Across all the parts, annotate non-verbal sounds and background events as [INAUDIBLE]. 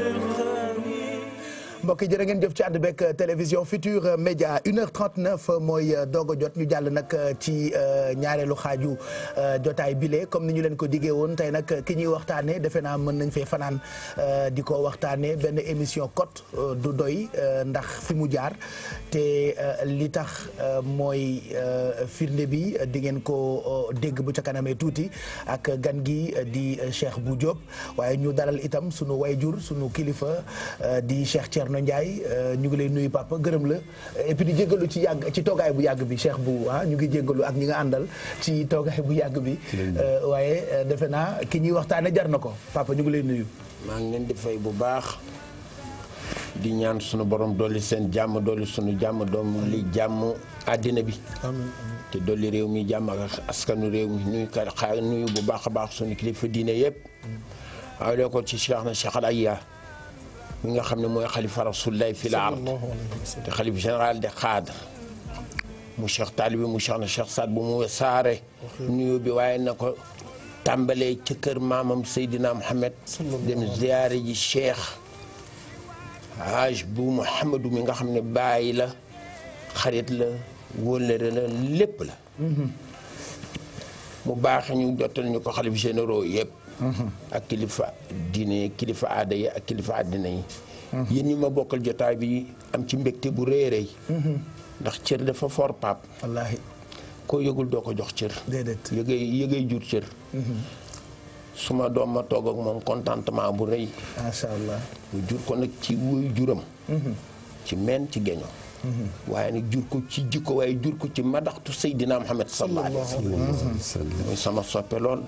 Yeah. mbokk yi jërë ngeen jëf ci ànd beeg télévision Futur Média une heure trente neuf mooy euh, doog a jot ñu jàll nag euh, ci euh, ñaareelu xaaju jotaay bile comme ni ñu leen ko diggee woon tey nag ki ñuy waxtaanee defe naa mën nañ fee fanaan di ko waxtaanee benn émission kot du doy ndax fi mu jaar te li tax mooy firnde bi di ngeen ko dégg bu ca kanamee tuuti ak gan gi di Cheikh bu Diop waaye ñu dalal itam sunu wayjur sunu kilifa di Cheikh Thierno. Soxna Ndiaye euh, ñu ngi lay nuyu papa gërëm la et di jéggalu ci yàgg ci toogaay bu yàgg bi Cheikh bu ah ñu ngi jéggalu ak ñi nga àndal ci toogaay bu yàgg bi euh, waaye euh, defe naa ki ñuy waxtaane jar na ko papa ñu ngi lay nuyu maa ngi leen di fay bu baax di ñaan sunu borom dolli seen jàmm dolli sunu jàmm doom li jàmm àddina bi te dolli réew mi jàmm ak askanu réew mi nuyu ka xaar nuyu bu baax baax sunu kilifa diine yëpp mm. waaye ko ci Cheikh na Cheikh al Aya mi nga xam ne mooy xalifa rasulillahi fi la ard te xalif général de xaadar mu cheikh taalibi mu cheikh na cheikh Saad bu mu saare nuyoo bi waaye na ko tàmbalee ca kër maamam Seydina Mohamed dem ziyaare ji cheikh haj bu Mouhamadou mi nga xam ne bàyyi la xarit la wóllëre la lépp la mm-hmm. mu baaxe ñu jotal ñu ko xalif ak kilifa diine kilifa aada yi ak kilifa àddina yi. yéen ñi ma bokkal jotaay bi am ci mbégte bu rëy rëy ndax cër dafa for paap. koo yëgul doo ko jox cër. déedéet yëgay jur cër. suma doom ma toog ak moom contentement bu rëy. macha allah mu jur ko nag ci wuy juram. Mhm. ci meen ci geño waaye nag jur ko ci jikko waaye jur ko ci madaxtu Seydina Muhammad sallallahu alayhi wa sallam muy sama soppe lool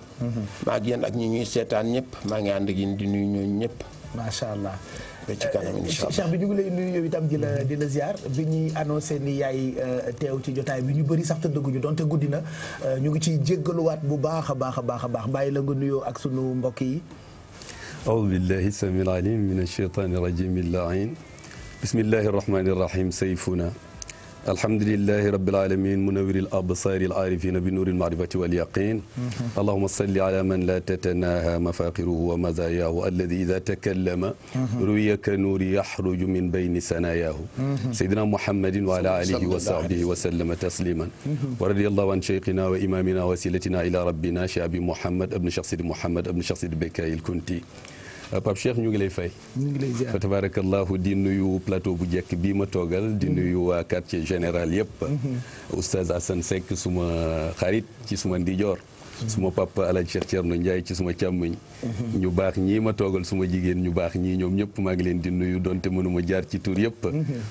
maa ngi ak ñi ñuy seetaan ñëpp maa ngi ànd ak yéen di nuyu ñooñu ñëpp macha allah ba ci kanam eh, incha bi ñu ngi lay nuyu yow itam di la di la ziar bi ñuy annoncé ni yaay euh, teew ci jotaay bi ñu bëri sax tëddaguñu donte guddi na euh, ñu ngi ci jéggaluwaat bu baax a baax a baax a baax bàyyi la nga nuyoo ak sunu mbokk yi aoudu billahi samil alim a alcheytani rajim illahin bismillahi irrahmani irrahim sayfuna alhamdulilahi rabilalamin munawiril absari al arifina bi nuuril maarifati wal yaqin allahuma salli ala man la tatanaha mafaqiruhu wa mazayahu alladi ida takallama ruwiya ka nuuri yaxruju min bayni sanayahu sayidina muhammadin wa ala alihi wa sahbihi wa sallama tasliman wa radiallahu an cheikhina wa imamina wasilatina ila rabbina shabi muhammad abni shaxsidi muhammad abni shaxsidi bekkayi l kunti Euh, Pape Cheikh ñu ngi lay fay. ñu ngi lay tabarakallahu di nuyu plateau bu njëkk bii ma toogal. di mhm. nuyu waa quartier général yëpp. Mhm. oustaz Assane Seck suma xarit ci suma ndijoor. suma papa alaaj Cheikh Thierno Ndiaye ci suma càmmoñ ñu baax ñii ma toogal suma jigéen ñu baax ñii ñoom ñëpp maa ngi leen di nuyu donte mënuma jaar ci tur yëpp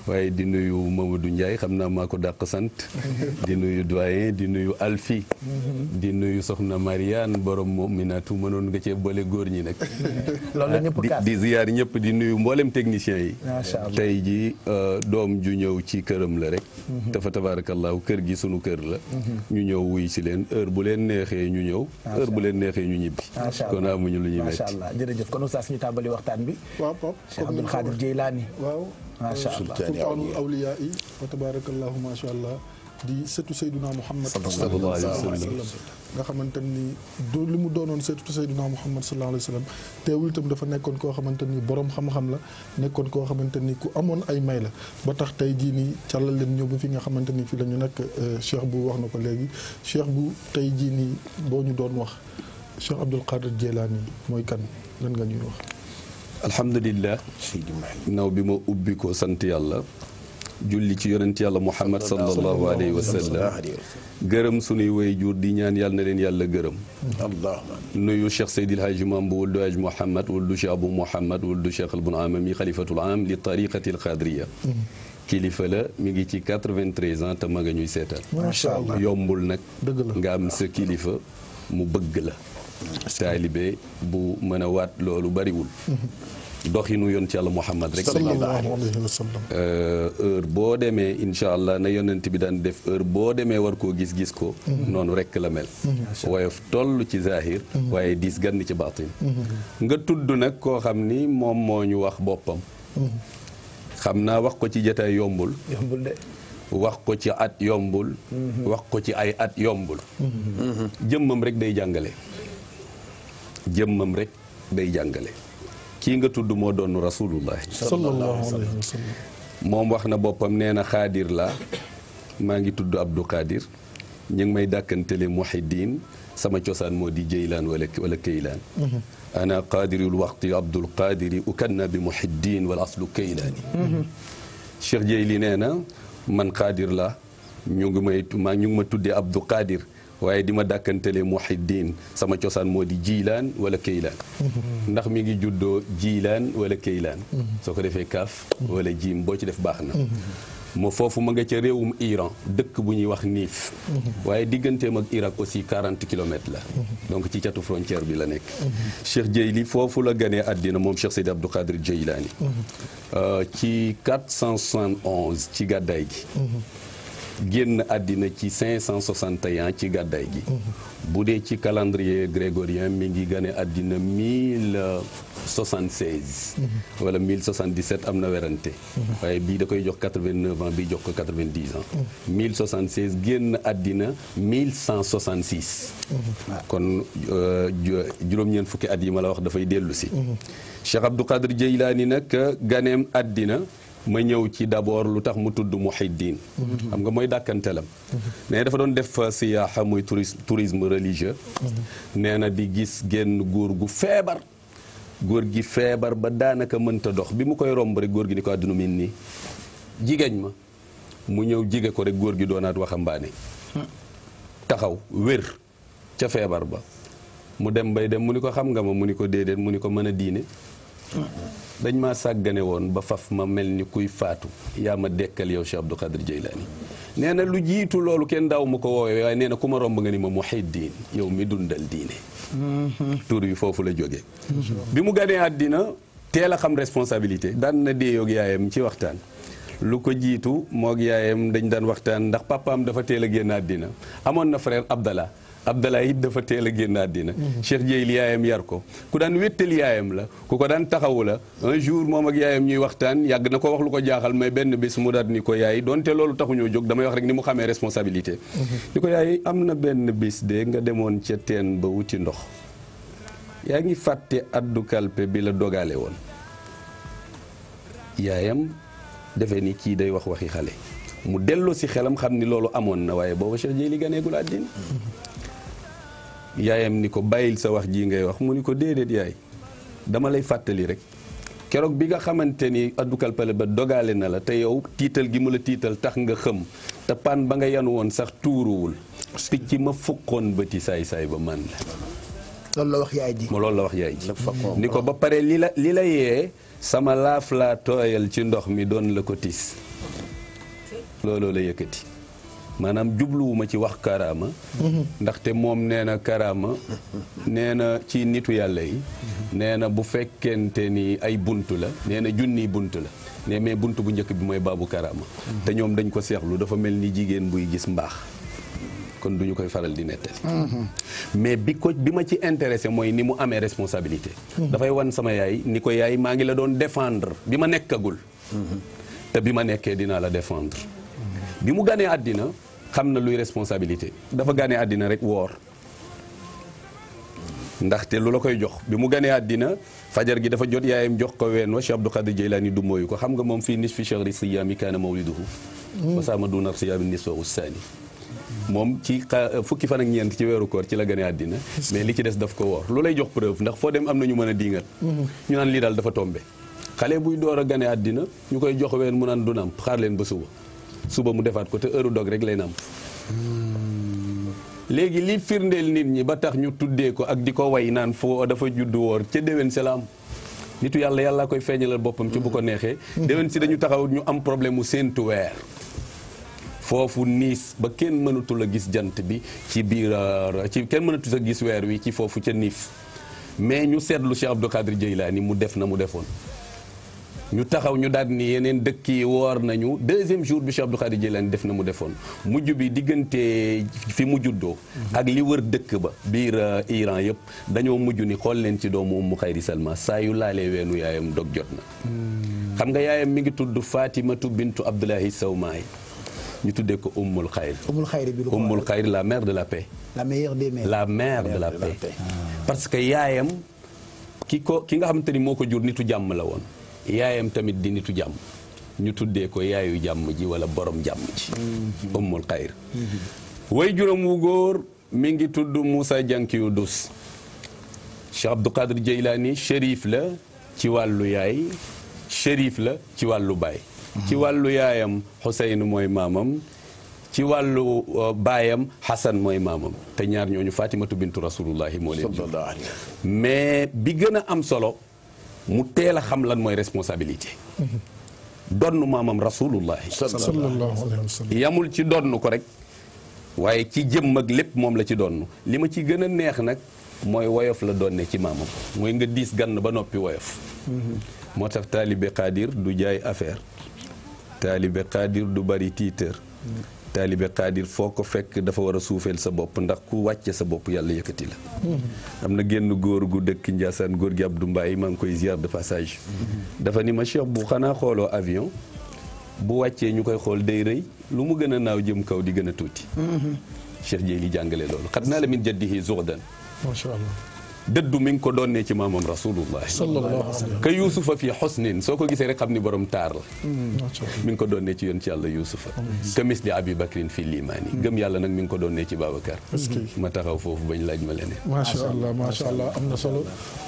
waaye di nuyu moom du Ndiaye xam naa maa ko dàq sant di nuyu doyen di nuyu Alfi di nuyu soxna Mariane borom moom minaatu mënoon nga cee boole góor ñi nag loolu ñëpp ah, kaas di ziyaar ñëpp di nuyu mbooleem technicien yi tey ji euh, doom ju ñëw ci këram la rek mhm. dafa tabaarakallaahu kër gi sunu kër la mhm. ñu ñëw wuy si leen heure bu leen neexee ñu ñëw heure bu leen neexee ñu ñibbi kon amuñu lu ñuy metti macha allah jërëjëf kon oustaz ñu tàmbali waxtaan bi waaw Pape Cheikh Abdoul Khadir Jeylaani waaw macha allah sultaanul awliyaa yi wa tabarakallahu macha allah di sëtu sayduna muhammad sallallahu alayhi wa sallam nga xamante ni du li mu doonoon surtout Seydina Muhammad sallallahu alayhi wa sallam teewul itam dafa nekkoon koo xamante ni borom xam-xam la nekkoon koo xamante ni ku amoon ay may la ba tax tey jii nii càllal leen ñëw ba fi nga xamante ni fii la ñu nekk euh, cheikh bu wax na ko léegi cheikh bu tey jii nii boo ñu doon wax cheikh Abdul Qadir Jelaani mooy kan lan nga ñuy wax. alhamdulillah. bi ma ubbi sant yàlla. julli ci yonent yàlla Muhammad sallallahu alayhi wa sallam. gërëm sunuy way jur di ñaan yàlla na leen yàlla gërëm allah nuyu cheikh seydil haaji mam bu wuldu haj mouhamad wuldu cheikh abou mouhamad wuldu cheikh albun amami xalifatul am li tariqati alxadriya kilifa la mi ngi ci 93 ans te ma nga ñuy seetal macha allah yombul nag nga am sa kilifa mu bëgg la bu mën a waat loolu bariwul mhm. doxinu yoon ci yàlla Muhammad rek la euh, boo demee incha allah na yonent bi daan def heure boo demee war koo gis gis ko mhm. noonu rek la mel mhm. woyof toll ci zahir mhm. waaye diis gann ci baatin nga tudd nag koo xam ni moom moo ñu wax boppam xam naa wax ko ci jataay yombul wax ko ci at yombul ko ci ay at yombul jëmmam rek day jàngale jëmmam rek day jàngale kii nga tudd moo doon rasulullah sallallahu alayhi wa moom wax na boppam nee na xaadir la maa ngi tudd Abdou Khadir ñu ngi may dàkkantele muhiddin sama cosaan moo di jëylaan wala wala kaylaan mhm. ana qaadirul waqti Abdul Qaadiri ukanna bi muhiddin wal aslu kaylaani mhm. Cheikh Jëyli nee na man xaadir la ñu ngi may maa ñu ma tudde Abdou Khadir waaye di ma dàkkantelee Muhiddin sama cosaan moo di jiilaan wala kaylaan mm-hmm. ndax mi ngi juddoo jiilaan wala kaylaan mm-hmm. soo ko defee kaaf mm-hmm. wala jiim boo ci def baax na moo foofu ma nga ca réewum Iran dëkk bu ñuy wax niif waaye digganteem ak Irak aussi 40 kilomètres la donc ci catu frontière bi la nekk Cheikh Jeyli foofu la ganee àddina moom Cheikh Seydi Abdou Qadir Jeylaani euh, ci 471 ci gàddaay gi génn àddina ci 561 ci gàddaay gi bu dee ci calendrier grégorien mi ngi gane àddina 1076 wala 1077 am na werante waaye bii da koy jox 89 ans bii jox ko 90 ans génn àddina 1166 kon euh, juróom-ñeent fukki at la wax dafay dellu si Cheikh Abdou Qadir Jeylaani ganeem àddina ma ñëw ci d'abord lu tax mu tudd mu Muhiddin xam nga mooy dàkkantelam nee dafa doon def siyaaxa muy tourisme tourisme religieux nee na di gis genn góor gu feebar góor gi feebar ba daanaka mënta dox bi mu koy romb rek góor gi ni ko àdduna min nii jigéen ma mu ñëw jige ko rek góor gi doonaat waxambaane taxaw wér ca feebar ba mu dem bay dem mu ni ko xam nga ma mu ni ko déedéet mu ni ko mën a diine dañ ma sàggane woon ba faf ma mel ni kuy faatu yaa ma dekkal yow Cheikh Abdou Qadir Jeylaani nee na lu jiitu loolu kenn daaw ma ko woowee waaye nee na ku ma romb nga ni ma muhiddin yow mi dundal diine tur bi foofu la jógee bi mu ganee àddina teel a xam responsabilité daan na dee yoog yaayam ci waxtaan lu ko jiitu moog yaayam dañ daan waxtaan ndax papaam dafa teel a génn àddina amoon na frère Abdallah Abdallah it dafa teel a génn àddina mhm. Cheikh Dieyli yaayam yar ko ku daan wéttal yaayam la ku ko daan taxawu la un jour moom ak yaayam ñuy waxtaan yàgg na ko wax lu ko jaaxal mais benn bés mu daal ni ko yaay donte loolu taxuñoo jóg damay wax rek ni mu xamee responsabilité lu mhm. ko yaay am na benn bis de nga demoon ca teen ba wuti ndox yaa ngi fàtte addu kalpe bi la dogale woon yaayam defee ni kii day wax waxi xale mu delloo si xelam xam ni loolu amoon na waaye booba Cheikh Jéli ganeegul àddina yaayam ni ko bàyyil sa wax ji ngay wax mu ni ko déedéet yaay dama lay fàttali rek keroog bi nga xamante ni addukal pale ba dogaale na la te yow tiital gi mu la tiital tax nga xëm te pan ba nga yenu woon sax tuuruwul picc ma fukkoon bëti saay-saay ba man la loolu yaay ji loolu la wax yaay ji ni ko ba pare li la li la yee sama laaf laa tooyal ci ndox mi doon la ko tiis looloo la yëkkati maanaam jubluwuma ci wax karaama ndaxte moom nee na karaama nee na ci nitu yàlla yi nee na bu fekkente ni ay bunt la nee na junniy bunt la ne mais bunt bu njëkk bi mooy baabu karaama te ñoom dañ ko seexlu dafa mel ni jigéen buy gis mbaax kon du ñu koy faral di nettali mais bi ko bi ma ci intéressé mooy ni mu amee responsabilité dafay wan sama yaay ni ko yaay maa ngi la doon défendre bi ma nekkagul te bi ma nekkee dinaa la défendre bi mu ganee àddina xam na luy responsabilité dafa ganee àddina rek woor ndaxte lu la koy jox bi mu ganee àddina fajar gi dafa jot yaayam jox ko ween wa Cheikh Abdou Khadir Jeylaani du mooyu ko xam nga moom fii nisfi shahri siyaami kaana mawliduhu wa saama dunar siyaami nisfahu saani moom ci euh, fukki fan ak ñeent ci weeru koor ci la gane àddina mais li ci des daf ko woor lu lay jox preuve ndax foo dem am na ñu mën a diingat mm-hmm. ñu naan lii daal dafa tombe xale buy door a gane àddina ñu koy jox ween mu naan du nàmp xaar leen ba suba suba mu defaat ko te heure dog rek lay nàmp mm-hmm. léegi li firndeel nit ñi ba tax ñu tuddee ko ak di ko way naan foo dafa juddu woor ca déwén si la am nit yàlla yàllaa koy feeñalal boppam ci bu ko neexee mm-hmm. déwén si dañu taxaw ñu am problème mu séentu weer foofu niis ba kenn mënatul a gis jant bi ci biir euh, ci kenn mënatul a gis weer wi ci foofu ca niif mais ñu seetlu Cheikh Abdou Kadir Jeylaani mu def na mu defoon ñu taxaw ñu daal ni yeneen dëkk yi woor nañu deuxième jour bi Cheikh Abdou Khadir Jilani def na mu defoon mujj bi diggante fi mu juddoo ak li wër dëkk ba biir euh, Iran yëpp dañoo mujj ni xool leen ci doomu Umu Xayri Salma saa yu laalee weenu yaayam dog jot na hmm. xam nga yaayam mi ngi tudd Fatimatu bintu Abdullahi Sawmaay ñu tuddee ko Ummul Khayri. Ummul Khayri la mère de la paix. la meilleure des mères la mère parce que yaayam ki ko ki nga xamante ni moo ko jur nitu jàmm la woon yaayam tamit di nitu jàmm ñu tuddee ko yaayu jàmm ji wala borom jàmm ji. Mhm. Ummul Khayri. Mhm. way juróom wu góor mi ngi tudd Moussa Diankiyou Dus. Cheikh Abdou Qadir Jeylaani shérif la ci wàllu yaay shérif la ci wàllu baay. ci wàllu yaayam Xuseyn mooy maamam ci wàllu euh, baayam Xasan mooy maamam te ñaar ñooñu Fatimatu bintu rasulullahi moo leen mais bi gën a am solo mu teel a xam lan mooy responsabilité donn maamam rasulullahi yamul ci donn ko rek waaye ci jëmm ak lépp moom la ci donn li ma ci gën a neex nag mooy woyof la doonne ci maamam mooy nga diis gann ba noppi woyof mm-hmm. moo tax taalibe xaadir du jaay affaire taalibe xaadir du bari tiitër taalibe xaadir foo ko fekk dafa war a suufeel sa bopp ndax ku wàcce sa bopp yàlla yëkkati la mhm. am na génn góor gu dëkk Njaasaan góor gi Abdou Mbaye maa ngi koy ziar de passage mhm. dafa ni ma Cheikh bu xanaa xooloo avion bu wàccee ñu koy xool day rëy lu mu gën a naaw jëm kaw di gën a tuuti mhm. Cheikh Jéy li jàngale loolu xat naa la min jaddihi zuxdan dëddu mi ngi ko doon ne ci maamam rasulullah ka yuusufa fii xosnin soo ko gisee rek xam ni borom taar la mm, mi ngi ko doon ne ci yoon ci yàlla yuusufa ka mis di abi bakrin fii limaani mm. gëm yàlla nag mi ngi ko doon ne ci babacar ma taxaw foofu bañ laaj ma leneen macha allah macha allah am na solo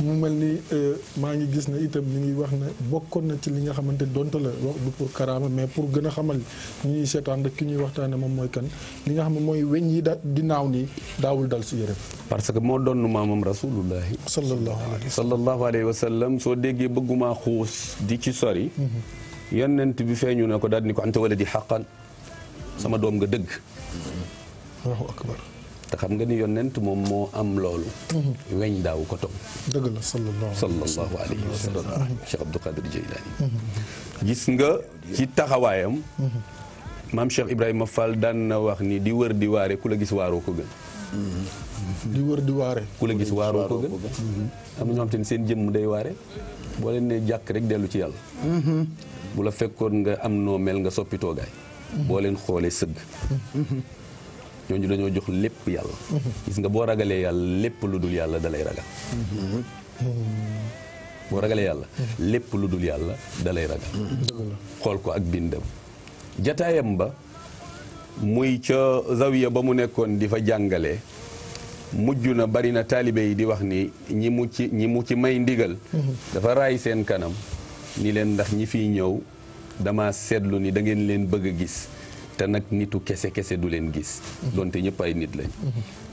mu mel ni euh, maa ngi gis ne itam mi ngi wax ne bokkoon na ci li nga xamante donte la wax du pour karaama mais pour gën a xamal ñi ñuy seetaan rek ki ñuy waxtaane moom mooy kan li nga xam ne mooy weñ yi da di naaw nii daawul dal si yërëm parce que moo doon maamam rasulullah rasulullahi sallallahu alayhi wa sallam soo déggee bëggumaa xuus di ci sori yonent bi feeñu na ko daal ni ko anta di xaqan sama doom nga dëgg allahu akbar te xam nga ni yonent moom moo am loolu mhm. weñ daaw ko tom dëgg la sallallahu alayhi wa sallam mhm. ah, mhm. gis nga ci taxawaayam maam Cheikh Ibrahima Fall daan na wax ni di wër di waare ku la gis waaroo ko gën di wër di waare. ku la gis waaroo ko gën. Mm-hmm. am ñoo xam te ne seen jëmm day waare. boo leen nee jàkk rek dellu ci yàlla. Mm-hmm. bu la fekkoon nga am noo mel nga soppi toogaay. Mm-hmm. boo leen xoolee sëgg. ñooñu dañoo jox lépp yàlla. gis nga boo ragalee yàlla lépp lu dul yàlla dalay lay ragal. boo yàlla. lépp lu xool ko ak bindam. jataayam ba muy ca zawiya ba mu nekkoon di fa jàngalee. mujj na bari na taalibe yi di wax ni ñi mu ci ñi mu ci may ndigal. dafa raay seen kanam ñi leen ndax ñi fiy ñëw dama seetlu ni da ngeen leen bëgg a gis te nag nitu kese kese du leen gis. donte ñëpp ay nit lañ.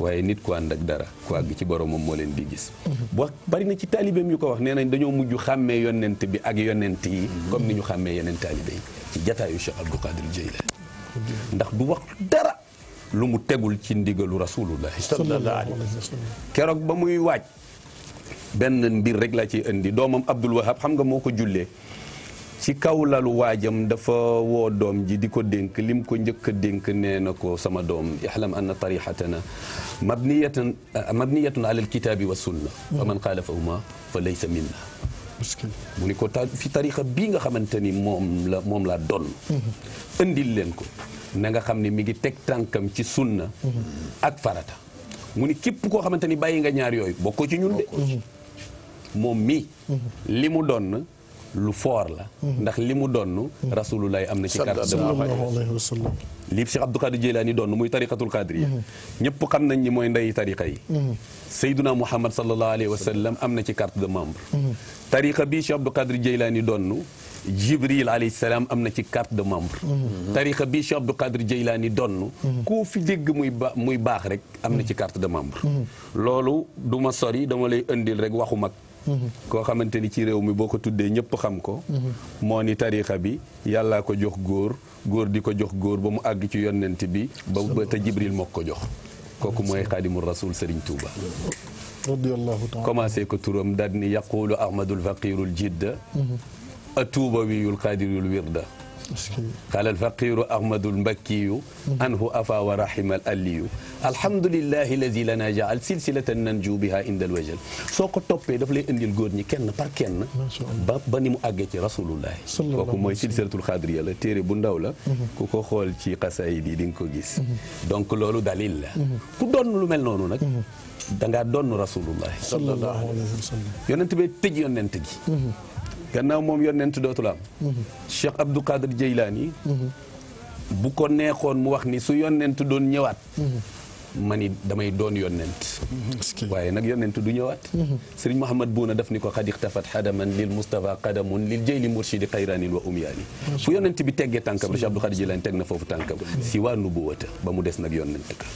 waaye nit ku ànd ak dara ku àgg ci boromam moo leen di gis. wax bari na ci taalibeem yu ko wax nee nañ dañoo mujj xàmmee yonent bi ak yonent yi. comme ni ñu xàmmee yeneen taalibe yi ci jataayu Cheikh Abdou Qadir Jeylaani ndax du wax dara. lu mu tegul ci ndigalu rasulullahi sallallahu keroog ba muy waaj benn mbir rek laa ci indi doomam Abdul Wahab xam nga moo ko jullee ci kaw lalu waajam dafa woo doom ji di ko dénk lim ko njëkk a dénk nee na ko sama doom ixlam anna tarixatana mabniyatan ah, mabniyatun ala alkitaabi wa sunna fa man xaalafahuma fa laysa minna mu ni ko ta fi tarixa bii nga xamante ni moom la moom laa donn mhm. indil leen ko na nga xam ne mi ngi teg tànkam ci sunna ak farata mu ni képp koo xamante ni bàyyi nga ñaar yooyu bokkoo ci ñun de moom mii mhm. li mu doon lu foor la mhm. ndax li mu doon mhm. rasulullah am na ci carte de wasallam lii Cheikh Abdou Qadir Jilani doon muy tariqatul qadriya ñëpp xam nañ ni mooy ndeyi tariqa yi sayduna muhammad sallallahu alayhi wa sallam am na ci carte de membre tariqa jibril alayhi salaam am na ci carte de membre mhm. tarixa bi Cheikh Abdou Qadir Jeylaani donn mhm. koo fi dégg muy ba muy baax rek am na ci mhm. carte de membre loolu du ma sori dama lay indil rek waxu mag koo xamante ni ci réew mi boo ko tuddee ñëpp xam ko moo ni tarixa bi yàllaa ko jox góor góor di ko jox góor ba mu àgg ci yonent bi ba ba te jibril moo ko jox kooku mooy xaadimul rasul Serigne Touba commencé ko turam daal ni yaqulu ahmadul faqirul jidda atuubawiyul qadiriyul wirda qaala alfaqiru ahmadul mbakkiyu anhu afa wa rahima al aliyu alhamdulilahi alladi lana jaal silsilatan nanju biha inda al wajal soo ko toppee daf lay indil góor ñi kenn par kenn ba ba ni mu àggee ci rasulullahi kooku mooy silsilatul xadriya la téere bu ndaw la ku ko xool ci xasaayid yi di nga ko gis donc loolu dalil la ku doon lu mel noonu nag da ngaa doon rasulullahi sallallahu alayhi wa sallam yonent bi tëj yonent gi gannaaw moom yonent dootul am mhm. Cheikh Abdou Qadir Jeylaani mhm. bu ko neexoon mu wax ni su yonent doon ñëwaat mhm. ma ni damay doon yonent waaye nag yonent du ñëwaat sëriñ Mouhamad Bouna daf ni ko xad ixtafat xadaman lil Moustapha qadamun lil jayli murshidi xayraanin wa umyaani fu yonent bi teggee tànkam rek Cheikh Abdou Xaadir Jilaani teg na foofu tànkam si waa nubuwata ba mu des nag yonent ka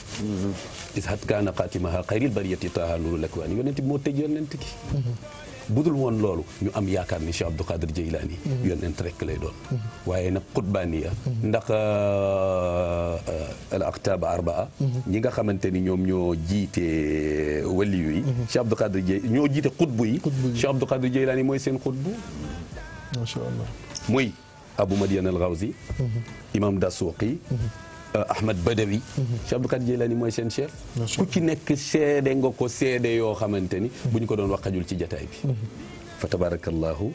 is hat kaana xaatimaha xayril bariyati taha nuru lakwaani yonent bi moo tëj yonent ki budul woon loolu ñu am yaakaar ni Cheikh Abdou Khadir Jeylaani mhm. yonent rek lay doon mhm. waaye nag xutbaaniya mhm. ndax euh, euh, al aqtaab arbaa ñi nga xamante ni ñoom ñoo jiite waliyu yi Cheikh Abdou ñoo jiite xutbu yi Cheikh Abdou Khadir Jeylaani mooy seen xutbu macha allah muy Abu Madian al imam Dasuqi Euh, Ahmad Badawi mhm. Cheikh Abdou Kadir Jilani mooy seen chef ku ci nekk seede nga ko seede yoo xamante ni mhm. bu ñu ko doon wax xajul ci jataay bi mhm. fa tabarakallahu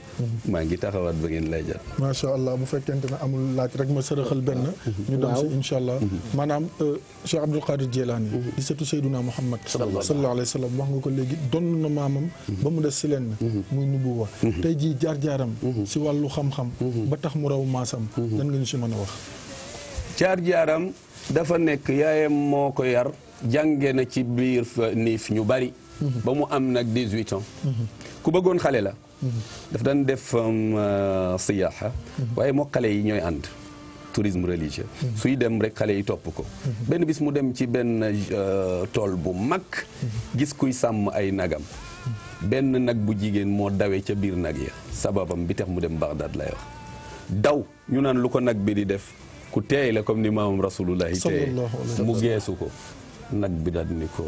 maa ngi taxawaat ba ngeen lay jàpp macha allah bu fekkente ne amul laaj rek ma sërëxal benn ñu dem si insha allah maanaam euh, Cheikh Abdul Qadir Jilani di sëtu Seyduna Muhammad sallallahu alayhi wa sallam wax nga ko léegi donn na maamam ba mu des si leen muy wax tey jii jaar-jaaram si wàllu xam-xam ba tax mu raw maasam dan nga ñu si mën a wax jaar-jaaram dafa nekk yaayam moo ko yar jànge na ci biir niif ñu bari mhm. ba mu am nag 18 ans mhm. ku bëggoon xale la mhm. daf daan def um, uh, siyaaxa waaye moo xale yi ñooy ànd tourisme religieux suy dem rek xale yi topp ko benn bis mu dem ci benn uh, tool bu mag gis kuy sàmm ay nagam benn nag bu jigéen moo dawee ca biir nag ya sababam bi tax mu dem Bagdad lay wax daw ñu naan lu ko nag bi di def ku teey la comme ni maamam rasulullahi teeye mu geesu ko nag bi daal ni ko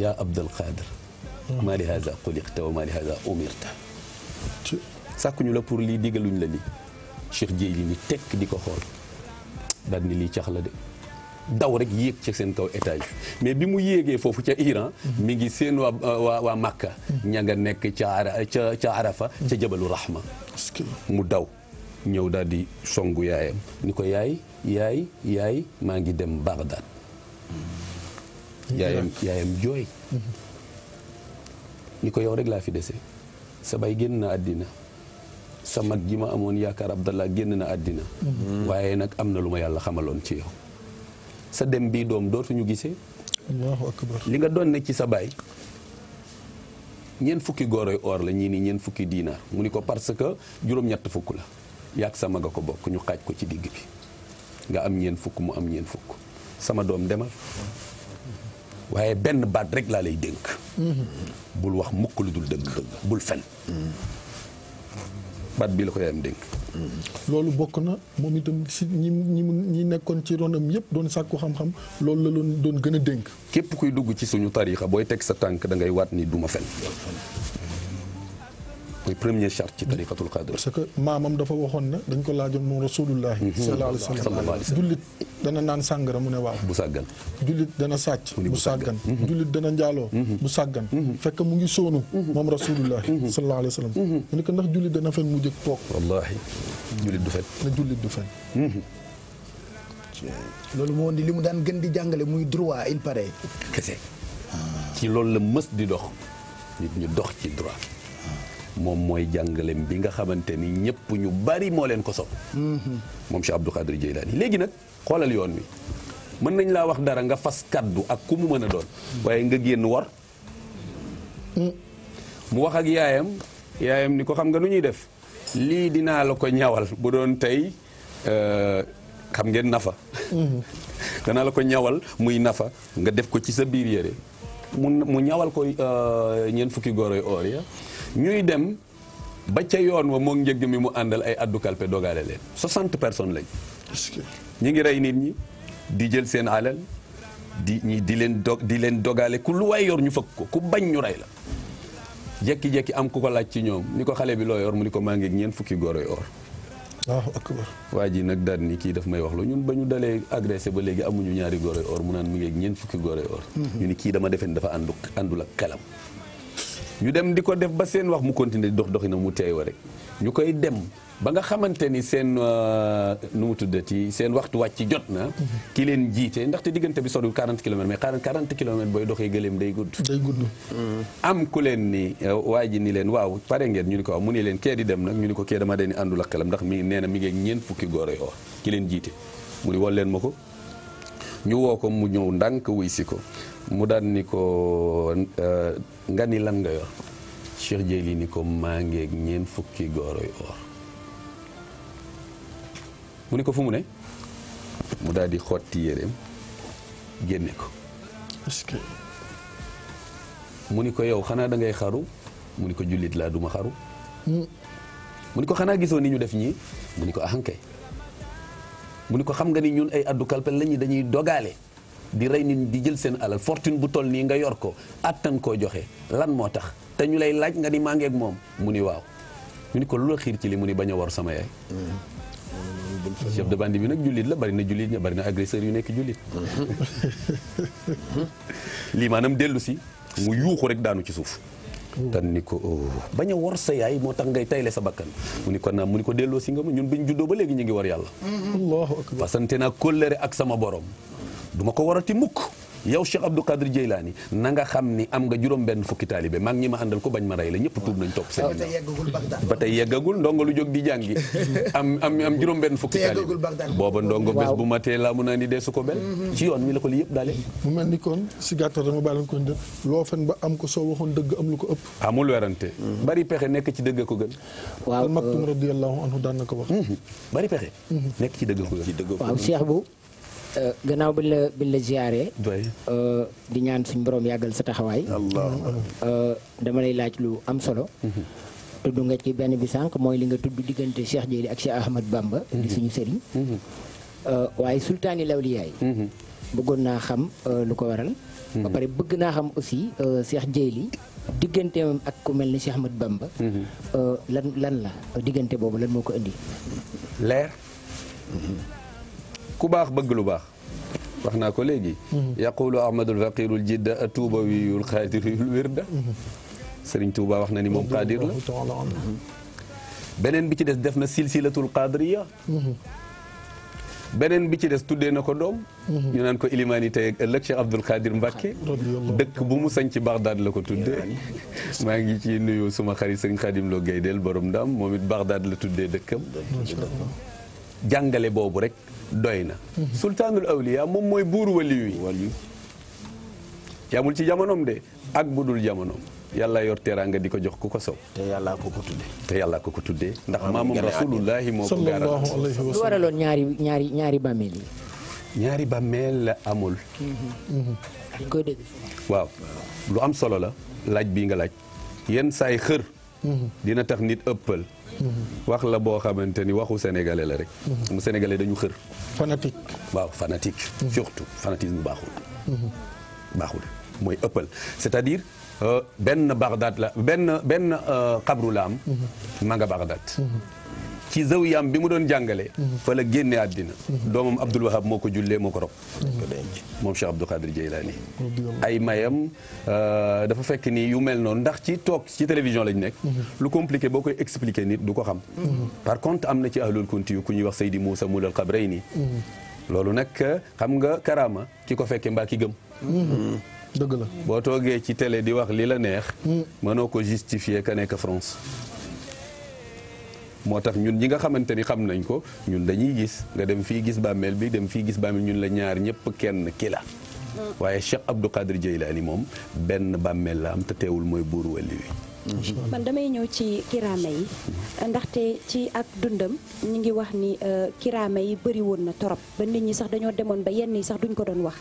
yaa Abdul Qadir hmm. maa li haza xuliqta wa maa li haza umirta sàkkuñu la pour lii diggaluñ la li Cheikh Jéy li ni tekk di ko xool daal ni lii cax la de daw rek yéeg ci seen kaw étage mais bi mu yéegee foofu ca Iran hmm. mi ngi seen waa waa waa Makka hmm. ña nga nekk ca ca Jabalu Rahma mu daw ñëw daal di songu yaayam ni ko yaay yaay yaay maa ngi dem Bagdad yaayam yaayam jooy mm-hmm. ni ko yow rek laa fi dese sa bay génn na àddina sa mag ji ma amoon yaakaar Abdallah génn na àddina mm-hmm. waaye nag am na lu ma yàlla xamaloon ci yow sa dem bii doom dootuñu gisee allahu akbar li nga doon ne ci sa baay ñeent fukki góoroy or la ñii nii ñeent fukki diinaar mu ni ko parce que juróom-ñett fukk la yàgg sama nga ko bokk ñu xaaj ko ci digg bi nga am ñeen fukk mu am ñeen fukk sama doom demal waaye benn baat rek laa lay dénk bul wax mukk lu dul dëgg bul fen baat bii la ko yaayam dénk loolu bokk na moom itam si ñi ñi ñi nekkoon ci ronam yëpp doon sàkku xam-xam loolu la loon doon gën a dénk képp kuy dugg ci suñu tariixa booy teg sa tànk da ngay waat ni du ma fen muy premier ci tarikatul parce que maamam dafa waxoon ne dañ ko laajoon moom rasulullah mhm. sallallahu alayhi wa sallam jullit dana naan sàngara mu ne waaw bu sàggan jullit dana sàcc bu sàggan mhm. jullit dana njaaloo mhm. bu sàggan fekk mu ngi soonu moom rasulullah sallallahu alayhi wa sallam mu ne ko ndax jullit dana fen mu jëkk toog wallahi jullit du fen na jullit du fen loolu moo di li mu daan gën di jàngale muy droit il paraît kese ah. ci loolu la mës di dox nit ñu dox ci droit moom mooy jàngaleem bi nga xamante ni ñëpp ñu bari moo leen ko sopp mhm. moom Cheikh Abdou Khadir Jeylaani léegi nag xoolal yoon wi mën nañ laa wax dara nga fas kaddu ak ku mu mën a doon waaye nga génn war mm. mu wax ak yaayam yaayam ni ko xam nga nu ñuy def lii dinaa la ko ñawal bu doon tey euh, xam ngeen nafa mhm. [LAUGHS] danaa la ko ñawal muy nafa nga def ko ci sa biir yére mu ñawal ko euh, ñeent fukki goroy oor ya ñuy dem ba ca yoon wa moo njëgg mi mu àndal ay addu kalpe dogaale leen soixante personnes lañ ñi ngi rey nit ñi di jël seen alal di ñi di leen dog di leen dogaale ku lu waay yor ñu fëgg ko ku bañ ñu rey la jekki-jekki am ku ko laaj ci ñoom ni ko xale bi loo yor mu ni ko maa ngee ñeent fukki góoroy or waaw waa ji nag daal ni kii daf may wax lu ñun ba ñu dalee agressé ba léegi amuñu ñaari góoroy or mu naan mu ngi ñeent fukki góoroy or mm-hmm. ni kii dama defen dafa àndu àndul ak xelam ñu dem di ko def ba seen wax mu continuer di dox doxina mu teey wa rek ñu koy dem ba nga xamante ni seen euh, nu mu tuddati seen waxtu wàcc jot na ki leen jiite ndaxte diggante bi soriwul 40 kilomètres mais 40 kilomètres booy doxee gëléem day gudd day gudd am ku leen ni euh, waa ji ni leen waaw pare ngeen ñu ni ko waaw mu ni leen kee di dem nag ñu ni ko kee dama deni àndul ak xelam ndax mi nee na mi ngi ak ñeent fukki góor yoo ki leen jiite mu ni wol leen ma ko ñu woo ko mu ñëw ndànk wuy si ko mu daan ni ko euh, nga ni lan nga yor Cheikh Jéeli ni ko maa ngeeg ñeent fukki góoroy or mu ni ko fu mu ne mu daal di xotti yéreem génne ko mu ni ko yow xanaa dangay xaru mu ni ko jullit laa duma xaru mu ni ko xanaa gisoo ni ñu def ñii mu ni ko ahankay mu ni ko xam nga ni ñun ay addu kalpel lañu dañuy dogaale di rey nit di jël seen alal fortune bu toll nii nga yor ko attan koo joxe lan moo tax te ñu lay laaj nga ni maa ngeeg moom mu ni waaw mu ni ko lu xiir ci li mu ni bañ a war sama yaay chef de bande bi nag jullit la bari na jullit ña bari na agresseur yu nekk jullit [LAUGHS] maanaam dellu si mu yuuxu rek daanu ci suuf tan ni ko oh, bañ war sa yaay moo tax ngay tayle sa bakkan mu ni ko naam mu ni ko delloo si nga ma ñun biñ juddoo ba léegi ñu ngi war yàlla allahu akbar naa kóllëre ak sama borom du ko warati mukk yow Cheikh Abdou Qadir Jeylaani na nga xam ni am nga juróom benn fukki taalibe maa ngi ñi ma àndal ko bañ ma rey la ñëpp tuub nañ topp seen ba tey yeggagul ndongo lu jóg di jàngi [LAUGHS] am am am juróom benn fukki taalibe booba ndongo bés bu ma tee laa mu naa ni dee su ko benn mm-hmm. ci yoon mi la ko li yëpp daale mu mel ni kon si gàttal dama bàyyi ko loo fen ba am ko soo waxoon dëgg am lu ko ëpp amul werante mm-hmm. bari pexe nekk ci dëgg ko gën waaw al maktum euh, radiyallahu anhu daan na ko wax mm-hmm. bari nekk ci dëgg ko gën waaw Euh, gannaaw bi la bi la ziyaaree. Euh, di ñaan suñ borom yàggal sa taxawaay. Euh, dama lay laaj lu am solo. Mm-hmm. tudd nga ci benn bi sànq mooy li nga tudd diggante Cheikh Jéeri ak si Ahmad Bamba. di mm-hmm. suñu sëriñ. Mm-hmm. waaye sultaani lawliyaay. bëggoon naa xam lu ko waral. ba pare bëgg naa xam aussi Cheikh Jéeri digganteem ak ku mel ni Cheikh Ahmad Bamba. lan lan la diggante boobu lan moo ko indi. leer. ku baax bëgg lu baax wax naa ko léegi mhm. yaqulu ahmadul faqirul jidda atuubawiyul xaadiriyul wirda sëriñ Tuuba wax na ni moom qaadir la beneen bi ci des def na silsilatul qaadiriya beneen bi ci des tuddee na ko doom mhm. ñu naan ko ilimaani tey ak ëllëg Cheikh Abdoul Khadir Mbacke dëkk bu mu sañ ci Bagdad la ko tuddee maa ngi ci nuyu suma xarit sëriñ Khadim Lo Gaydel borom ndam moom it Bagdad la tuddee dëkkam jàngale boobu rek doy na sultaanul awliya moom mooy buur waliyu yi ci jamonoom de ak bu dul jamonoom yàlla yor teraanga di ko jox ku ko sow te yàlla ko ko tuddee te yàlla ko ko tuddee ndax maamam rasulullahi moo ko ñaari ñaari ñaari bàmmeel yi ñaari amul mm-hmm. Mm-hmm. waaw lu am solo la laaj bi nga laaj yenn saay xër mm-hmm. dina tax nit ëppal wax la boo xamante ni waxu sénégalais la rek. mu sénégalais dañu xër. fanatique. waaw fanatique. Mhm. surtout fanatisme baaxul. Mhm. baaxul mooy ëppal c'est-à-dire euh, benn Bagdad la benn benn euh, xabru la am. Mhm. ma Bagdad. ci zawiyaam bi mu doon jàngale fa la génne àddina doomam Abdul Wahab moo ko jullee moo ko rob moom Cheikh Abdou Khadir Jeylaani ay mayam euh, dafa fekk ni yu mel noonu ndax ci toog ci télévision lañ nekk lu compliqué boo koy expliqué nit du ko xam par contre am na ci ahlul kunti yu ku ñuy wax Seydi Moussa Moulal Qabrayni loolu nag xam nga karaama ki ko fekke mbaa ki gëm la boo toogee ci télé di wax li la neex mm. mënoo ko justifier ka nekk France moo tax ñun ñi nga xamante ni xam nañ ko ñun dañuy gis nga dem fii gis bàmmeel bi dem fii gis bàmmeel ñun la ñaar ñëpp kenn ki la mm. waaye Cheikh Abdou Qadir Jeylaani moom benn bàmmeel la am te teewul mooy buur wàlli wi man damay ñëw ci kiraama yi ndaxte ci ak dundam ñu ngi wax ni euh, kiraama yi bëri woon na torop ba nit ñi sax dañoo demoon ba yenn yi sax duñ ko doon wax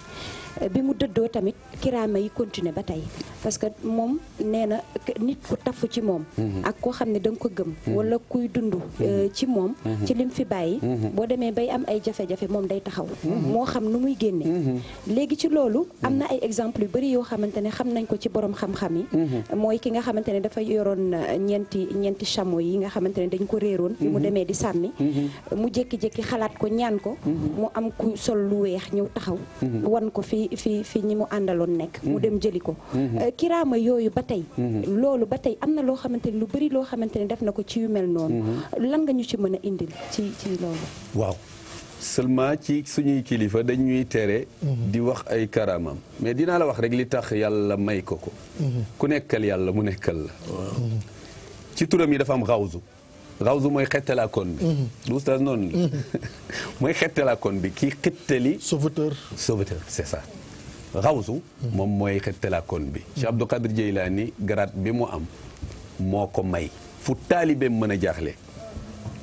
bi mu dëddoo tamit kiraama yi continuer ba tey parce que moom nee na nit ku tafu ci moom mhm. ak koo xam ne da nga ko gëm mhm. wala kuy dund mhm. euh, ci moom ci lim fi bàyyi boo demee bay am ay jafe-jafe moom day taxaw moo xam nu muy génne léegi ci loolu am na ay exemple yu bëri yoo xamante ne xam nañ ko ci boroom xam-xam yi mooy ki nga xamante ne dafa yoroon euh, ñeenti ñeenti chameau yi nga xamante ne dañ ko réeroon fi mu demee di sàmmi mu jékki-jékki xalaat ko ñaan ko mu am ku sol lu weex ñëw taxaw fi fi fi ñi mu àndaloon nekk mu mhm. dem jëli ko mhm. euh, kiraama yooyu ba tey mhm. loolu ba tey am na loo xamante ni lu bari loo xamante ni def na ko ci yu mel noonu lan nga ñu ci mën a indil ci ci loolu waaw seulement ci suñuy kilifa dañuy tere di wax ay karaamam mais dinaa la wax rek li tax yàlla may ko ko ku nekkal yàlla mu nekkal la ci turam yi dafa am xawsu rawdu mooy xettalaakoon bi. lu mhm. ustaas noonu la. Mhm. [LAUGHS] mooy xettalaakoon bi kii xettali. sauveteur sauveteur c'est ça. rawdu mhm. moom mooy xettalaakoon bi. Cheikh Abdou Qadir Jeylaani garaat bi mu am moo ko may. fu taalibeem mën a jaaxle.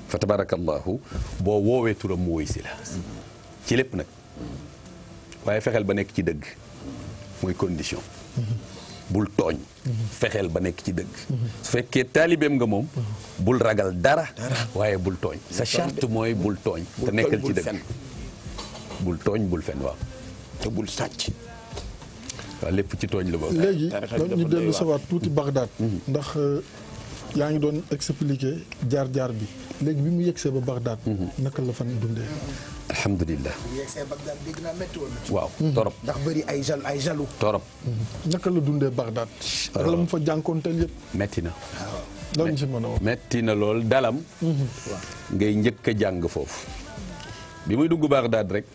fa tabarakallahu boo woowee turam mu woy la. ci lépp nag waaye fexeel ba nekk ci dëgg mooy condition. bul tooñ fexeel ba nekk ci dëgg su fekkee taalibeem nga moom bul ragal dara waaye bul tooñ sa charte mooy bul tooñ te nekkal ci dëgg bul tooñ bul fen waaw te bul sàcc waaw lépp ci tooñ la boobu léegi doon ñu dellu sawaat tuuti mm-hmm. Bagdad mm-hmm. ndax euh, yaa ngi doon expliqué jaar-jaar bi léegi bi mu yegsee ba Bagdad mm-hmm. naka la fan dundee alhamdulilah. waaw mhm. torop. ndax bëri ay jal ay jaloux. torop. Mhm. naka la dundee Bagdad. ak la mu fa jànkoonteel yëpp. metti na. loolu metti na lool dalam. Mhm. ngay njëkk a jàng foofu. bi muy dugg Bagdad rek.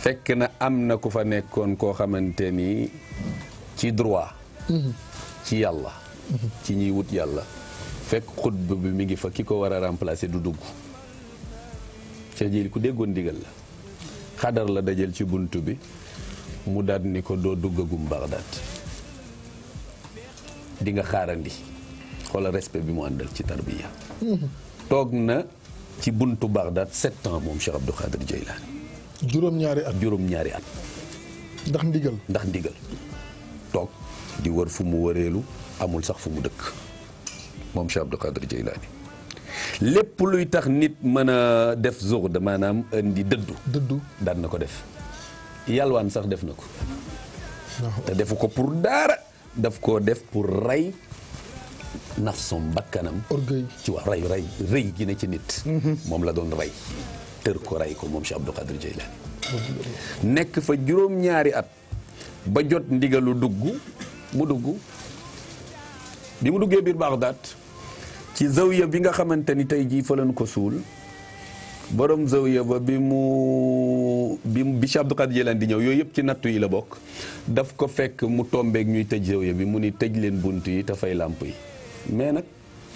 fekk na am na ku fa nekkoon koo xamante ni ci droit. ci yàlla. ci ñuy wut yàlla. fekk xutba bi mu ngi fa ki ko war a remplacer du dugg. Cheikh Jili ku déggoon ndigal la xadar la dajal ci bunt bi mu daal ni ko doo duggagum Bagdad di nga xaarandi xoola respect bi mu àndal ci tarbiya toog na ci buntu Bagdad sept ans moom Cheikh Abdou Khadir Jeylaani juróom-ñaari at juróom-ñaari at ndax ndigal ndax ndigal toog di wër fu mu wëreelu amul sax fu mu dëkk moom Cheikh Abdou Khadir Jeylaani lépp luy tax nit mën a def zuhd maanaam indi dëddu. dëddu daan na ko def yalwaan sax def na ko. Ah. te defu ko pour daara daf koo def pour rey nafsom bakkanam. orgueil ci wax rey rey rëy gi ne ci nit. Mhm. moom la doon rey tër ko rey ko moom Cheikh Abdou Khadir Jeylaani nekk fa juróom-ñaari at ba jot ndigalu dugg mu dugg bi mu duggee biir Baxdaad ci zawiya bi nga xamante ni tey jii fa ko suul borom zawiya ba bi mu bi bi Cheikh Abdou Khadre Jilani di ñëw yooyu yëpp ci nattu yi la bokk daf ko fekk mu tombeek ñuy tëj zawiya bi mu ni tëj leen bunt yi te fay làmp yi mais nag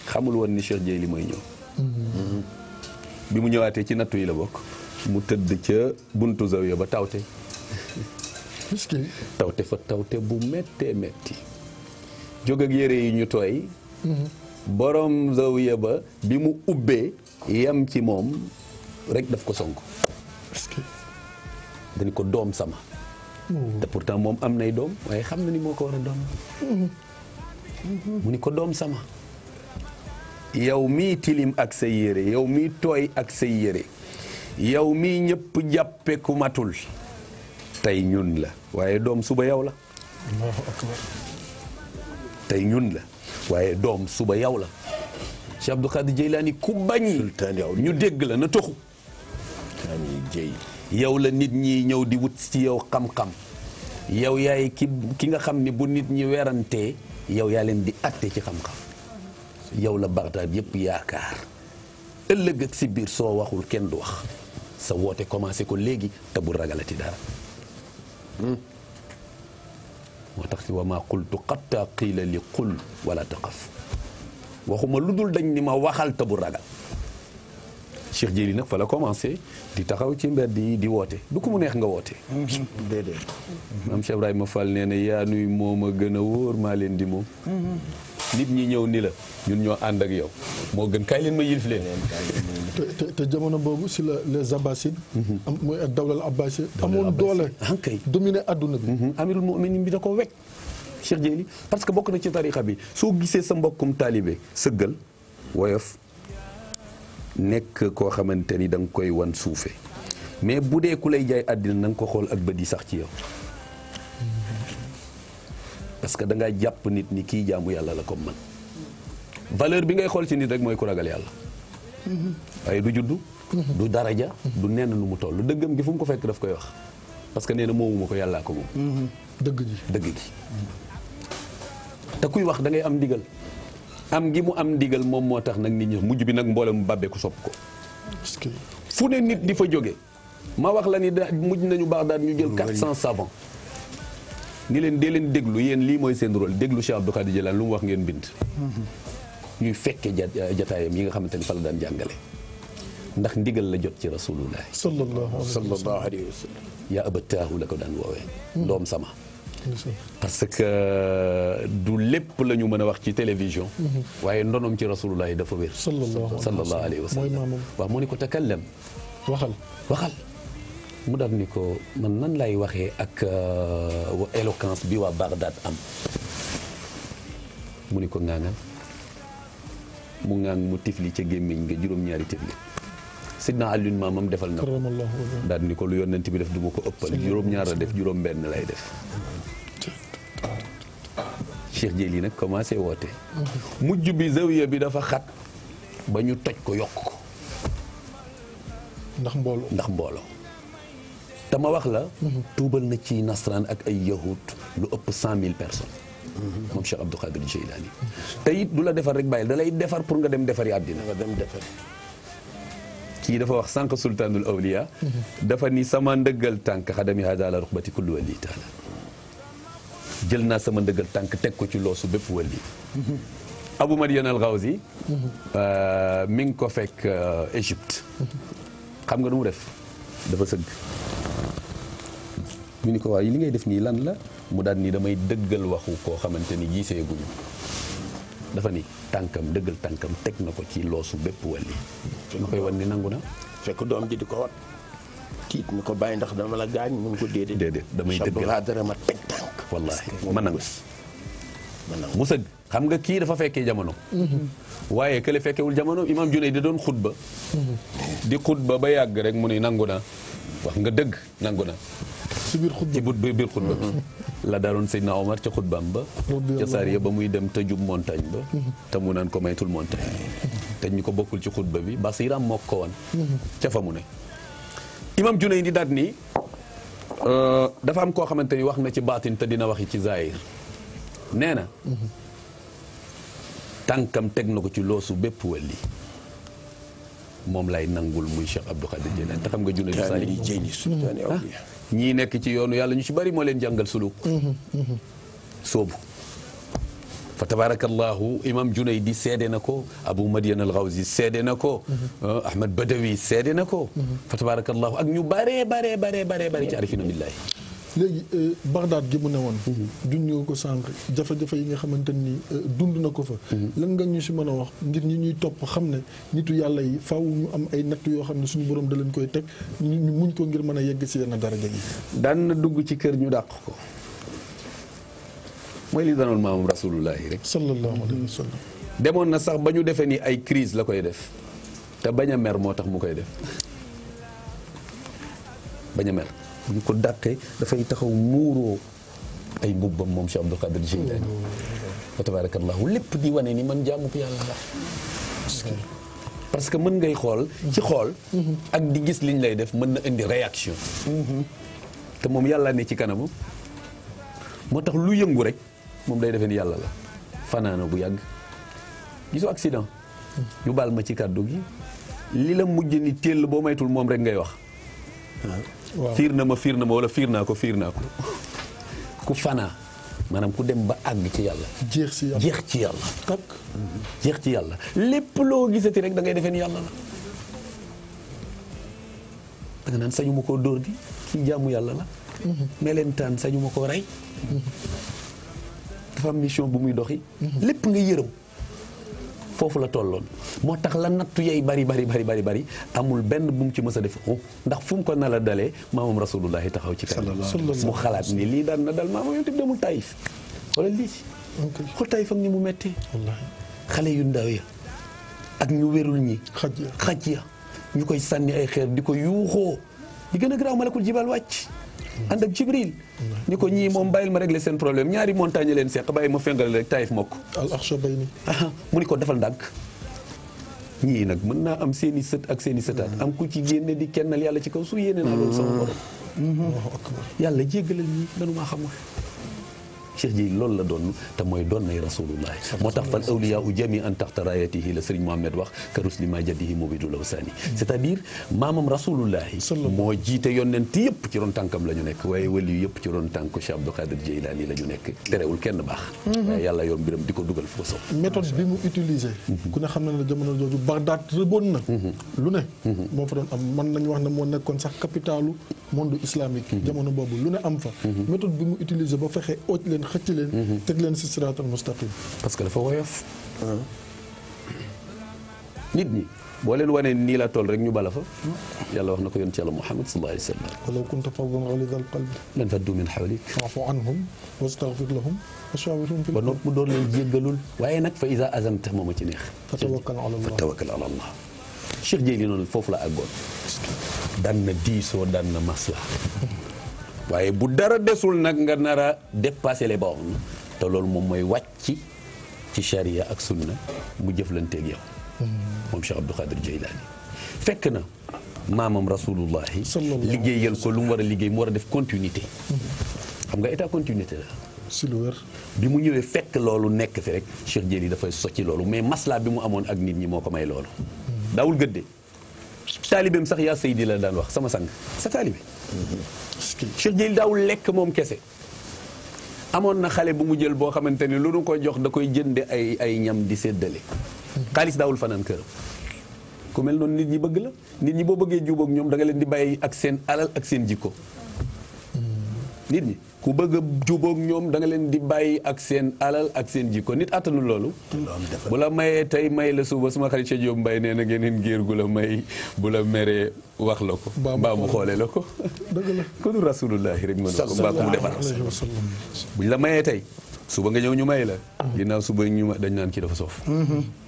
xamul woon ni Cheikh li mooy ñëw mm-hmm. bi mu ñëwaatee ci nattu yi la bokk mu tëdd ca buntu zawiya ba tawte tawte fa tawte bu méttee métti jóg ak yére yi ñu tooy mm-hmm. boroom zawiya ba bi mu ubbee yam ci moom rek daf ko sonk parce dañ ko doom sama hmm. te pourtant moom am nay doom waaye xam na ni moo ko war a doom mu ni ko doom sama yow mii tilim ak sa yére yow mii tooy ak say yére yow mii ñëpp jàppe ku tey ñun la waaye doom suba yow la tey ñun la waaye doom suba yow la Cheikh Abdou Khadir Jeylaani ku bañi ñu dégg la na toxu yow la nit ñi ñëw di wut ci yow xam-xam yow yaay ki ki nga xam ni bu nit ñi werantee yow yaa leen di atte ci xam-xam yow la Bagdaad yëpp yaakaar ëllëg ak si biir soo waxul kenn du wax sa woote commencé ko léegi te bu ragalati dara hmm? moo tax si wa maa qultu xatta qiila li qul wala taqaf waxuma lu dul dañ ni ma waxal te bu ragal Cheikh Jéli nag fa la commencé di taxaw ci mbedd yi di woote du ko mu neex nga woote. [LAUGHS] déedéet. maam Cheikh Ibrahima Fall nee na yaa nuy moom a gën a wóor maa leen di moom. Mm-hmm. nit ñi ñëw ni la ñun ñoo ànd ak yow moo gën kaay leen ma yilif leen. te te jamono boobu si la les Abbasides. Mhm. am muy dawlal Abbaside. amoon doole ankay ah, dominé adduna bi. Mhm. amirul mu'minin bi da ko wekk. Cheikh Jéeli parce que bokk na ci tarixa bi soo gisee sa mbokkum taalibe sëggal woyof nekk koo xamante ni danga koy wan suufe mais bu dee ku lay jaay àddina na ko xool ak bët yi sax ci yow. parce que da nga jàpp nit ni kii jaamu yàlla la comme man valeur bi ngay xool ci nit rek mooy ku ragal yàlla. waaye du juddu. du ja du nenn lu mu toll dëggam gi fu mu ko fekk daf koy wax parce que nee na moomuma ko yàllaa ko moom. dëgg gi dëgg te kuy wax dangay am ndigal am gi mu am ndigal moom moo tax nag nit ñi mujj bi nag mboole mu bàbbee ku sopp ko. fu ne nit di fa jóge ma wax la ni da mujj nañu baax daan ñu jël 400 savants. ni leen dee leen déglu yéen lii mooy seen rôle déglu Cheikh Abdou Khadre Djeylani lu mu wax ngeen bind. ñuy fekkee jataayam yi nga xamante ni fa la daan jàngale ndax ndigal la jot ci rasulullah sallallahu alayhi wa sallam yaa abataahu la ko daan woowee hmm. doom sama parce que du lépp la ñu mën a wax ci télévision hmm. waaye ndonom ci rasulullah yi dafa wér sallallahu alayhi wa sallam waaw mu ni ko takallam waxal waxal mu daal ni ko man nan lay waxee ak euh, éloquence bi waa Bagdad am mu ni ko ngaangal mu ŋaang mu tifli ca gémmiñ nga juróom-ñaari tifli sidna Alioune maamam defal na ko daal ni ko lu yonent bi def du ma ko ëppal juróom-ñaar la def juróom-benn lay def Cheikh Jéli nag commencé woote mujj bi zawiya bi dafa xat ba ñu toj ko yokk ko ndax mbooloo ndax mbooloo dama wax la mhm. tuubal na ci nasaraan ak ay yahut lu ëpp cent mille personnes moom Cheikh Abdou Khadir Jeylaani te du la defar rek bàyyil da lay defar pour nga dem defari àddina nga dem defar kii dafa wax sànq sultaanul awliya dafa ni sama ndëggal tànk xadami hada la ruxbati kullu wali taala jël naa sama ndëggal tànk teg ko ci loosu bépp wali Abu Madian al Ghawzi euh, mi ngi ko fekk euh, Égypte xam nga nu mu def dafa sëgg ñu ni ko waaye li ngay def nii lan la mu daal nii damay dëggal waxu koo xamante ni gisee guñu dafa ni tànkam dëggal tànkam teg na ko ci loosu bépp wàlli na koy wan ni nangu na fekk doom ji di ko wat tiit ko bàyyi ndax dama la gaañ mun ko déedéet déedéet laa dara ma teg tànk wallaahi ma mu sëg xam nga kii dafa fekkee jamono mm-hmm. waaye kële fekkewul jamono imaam Junayd da doon xutba mm-hmm. di xutba ba yàgg rek mu ni nangu na wax nga dëgg nangu na ci biir xutba ci biir xutba bi mm-hmm. la daloon daaloon Seydina Omar ca xutbaam ba ca Sariya ba muy dem tëjub montagne ba mm-hmm. te mu naan ko maytul montagne mm-hmm. te ñu ko bokkul ci xutba bi Basiram moo ko won ca fa mu ne imam Junayd di daat nii euh, dafa am koo xamante ni wax na ci baatin te dina waxi ci zaahir nee na tànkam teg na ko ci loosu bépp wàlli moom lay nangul muy Cheikh Abdou Khadir Jilani te xam nga Junayd di Sali ñii nekk ci yoonu yàlla ñu ci bari moo leen jàngal suluk soobu fa tabarakallahu imam Junaydi seede na ko Abu Madian al-Ghawzi seede na ko ah, Ahmad Badawi seede na ko mhm. fa tabarakallahu ak ñu bare bare bare bare bare ci arifinamillahi léegi euh, Bagdad gi mu ne woon. dund mhm. nga ko sànq jafe yi nga xamante ni euh, dund na ko fa. Mhm. lan nga ñu si mën a wax ngir ñi ñuy topp xam ne nittu yàlla yi faw ñu am ay natt yoo xam ne suñu borom da leen koy teg ñu muñ ko ngir mën a yegg si yenn daraja yi. daan na dugg ci kër ñu dàq ko. mooy li danoon maamam rasulullahi rek. sallallahu alayhi wa sallam. demoon na sax ba ñu defee ni ay crise la koy def te bañ a moo tax mu koy def bañ bu ñu ko dàqee dafay taxaw muuroo ay mbubbam moom Cheikh Abdou Qadir Jilani mm-hmm. wa tabarakallahu lépp di wane ni man jaamu ko yàlla la parce que mën ngay xool ci xool mm-hmm. ak di gis liñ lay def mën na indi réaction mm-hmm. te moom yàlla ne ci kanamu moo tax lu yëngu rek moom day defee ni yàlla la fanaana bu yàgg gisoo accident ñu baal ma ci kàddu gi li la mujj ni téel boo maytul moom rek ngay wax fiir na ma fiir na ma wala fiir naa ko fiir naa ko ku fanaa maanaam ku dem ba àgg ci yàlla jeex ci yàlla jeex ci yàlla takk ci yàlla lépp loo gisati rek dangay ngay yàlla la da nga naan sañu ma koo dóor di kii jàmm yàlla la melentaan sañu ma koo rey dafa mission bu muy doxi mhm. lépp nga yërëm foofu la tolloon moo tax la nattu yey bari bari bari bari bari amul benn bu mu ci mës a def ndax fu mu ko nar a dalee maamam rasulullahi taxaw ci kanam mu xalaat ni lii daan na dal maamam yonte bi demul Taïf wala lii xool Taïf ak ni mu méttee xale yu ndaw ya ak ñu wérul ñi xaj ya ñu koy sànni ay xeer di ko yuuxoo di gën a garaaw malakul jibal wàcc ànd ak Jibril ni ko ñii moom bàyyil ma régler seen problème ñaari montagne leen seq bàyyi ma fengal rek taayif mokk mu ni ko defal ndànk ñii nag mën naa am seeni sët ak seeni i sëtaat am ku ci génne di kennal yàlla ci kaw su yéene naa loolu sama borom mm-hmm. yàlla jéggalal ñii dañu maa xamul Cheikh ji loolu la doon te mooy doon nay rasulullah moo tax fal awliya u jami an taxta raayatihi la Serigne Mohamed wax ka ruslima jaddihi mubidul awsaani c'est-à-dire maamam rasulullahi moo jiite yonent yëpp ci ron tànkam la nekk waaye wali yëpp ci ron tànk Cheikh Abdou Khadir Jeylaani la ñu nekk terewul kenn baax mhm. waaye yàlla yoon mbiram di ko dugal fu ko sow méthode bi mu utilisé mhm. ku ne xam ne jamono jooju Bagdad mhm. lu ne moo fa doon am man xëcc leen. Mhm. teg leen si siraatal mustaqim parce que dafa woyof. Ah. nit ñi boo leen wanee nii la toll rek ñu bala fa. yàlla wax na ko yonent yàlla Muhammad sallallahu alayhi wa sallam. walaw kunta faddan ghalidal qalbi lan faddu min hawlik. fa'fu anhum wastaghfir lahum wa shawirhum fil amr. ba noppi mu doon leen jéggalul. waaye nag fa iza azamta moom a ci neex. fa tawakkal ala Allah fa tawakkal ala Allah. Cheikh Jéeli noonu foofu la àggoon. daan na diisoo daan na maslaa. waaye bu dara desul nag nga nar a dépasser les bornes te loolu moom mooy wàcc ci charia ak sunna mu jëflanteeg yow. Mm-hmm. moom Cheikh Abdou Khadir Jeylaani fekk na maamam rasulullahi liggéeyal ko lu mu war a liggéey mu war a def continuité. Mm-hmm. xam nga état continuité la. lu wér. bi mu ñëwee fekk loolu nekk fi rek Cheikh Jéeli dafay socci loolu mais maslaa bi mu amoon ak nit ñi moo ko may loolu. Mm-hmm. daawul gëdde taalibeem sax yaa Seydi la daan wax sama sang sa taalibe. Cheikh Jil daawul lekk moom kese. amoon na xale bu mu jël boo xamante ni lu nu ko jox da koy jënde ay ay ñam di séddale. xaalis daawul fanaan këram. ku mel noonu nit ñi bëgg la nit ñi boo bëggee jubóog ñoom danga leen di bàyyi ak seen alal ak seen jikko. nit ñi. ku bëgg a jubóog ñoom danga leen di bàyyi ak seen alal ak seen jikko nit attanu loolu bu la mayee tey may la suba suma xarit ca Jóob Mbay nee na geneen géer gu la may bu la meree wax la ko mbaa mu xoolee la ko dëgg la [LAUGHS] ku du rasulullahi rek mënu ko mbaa ku mu defar buñ la mayee tey suba nga ñëw ñu may la mm-hmm. ginnaaw suba ñu dañ naan ci dafa soof mm-hmm.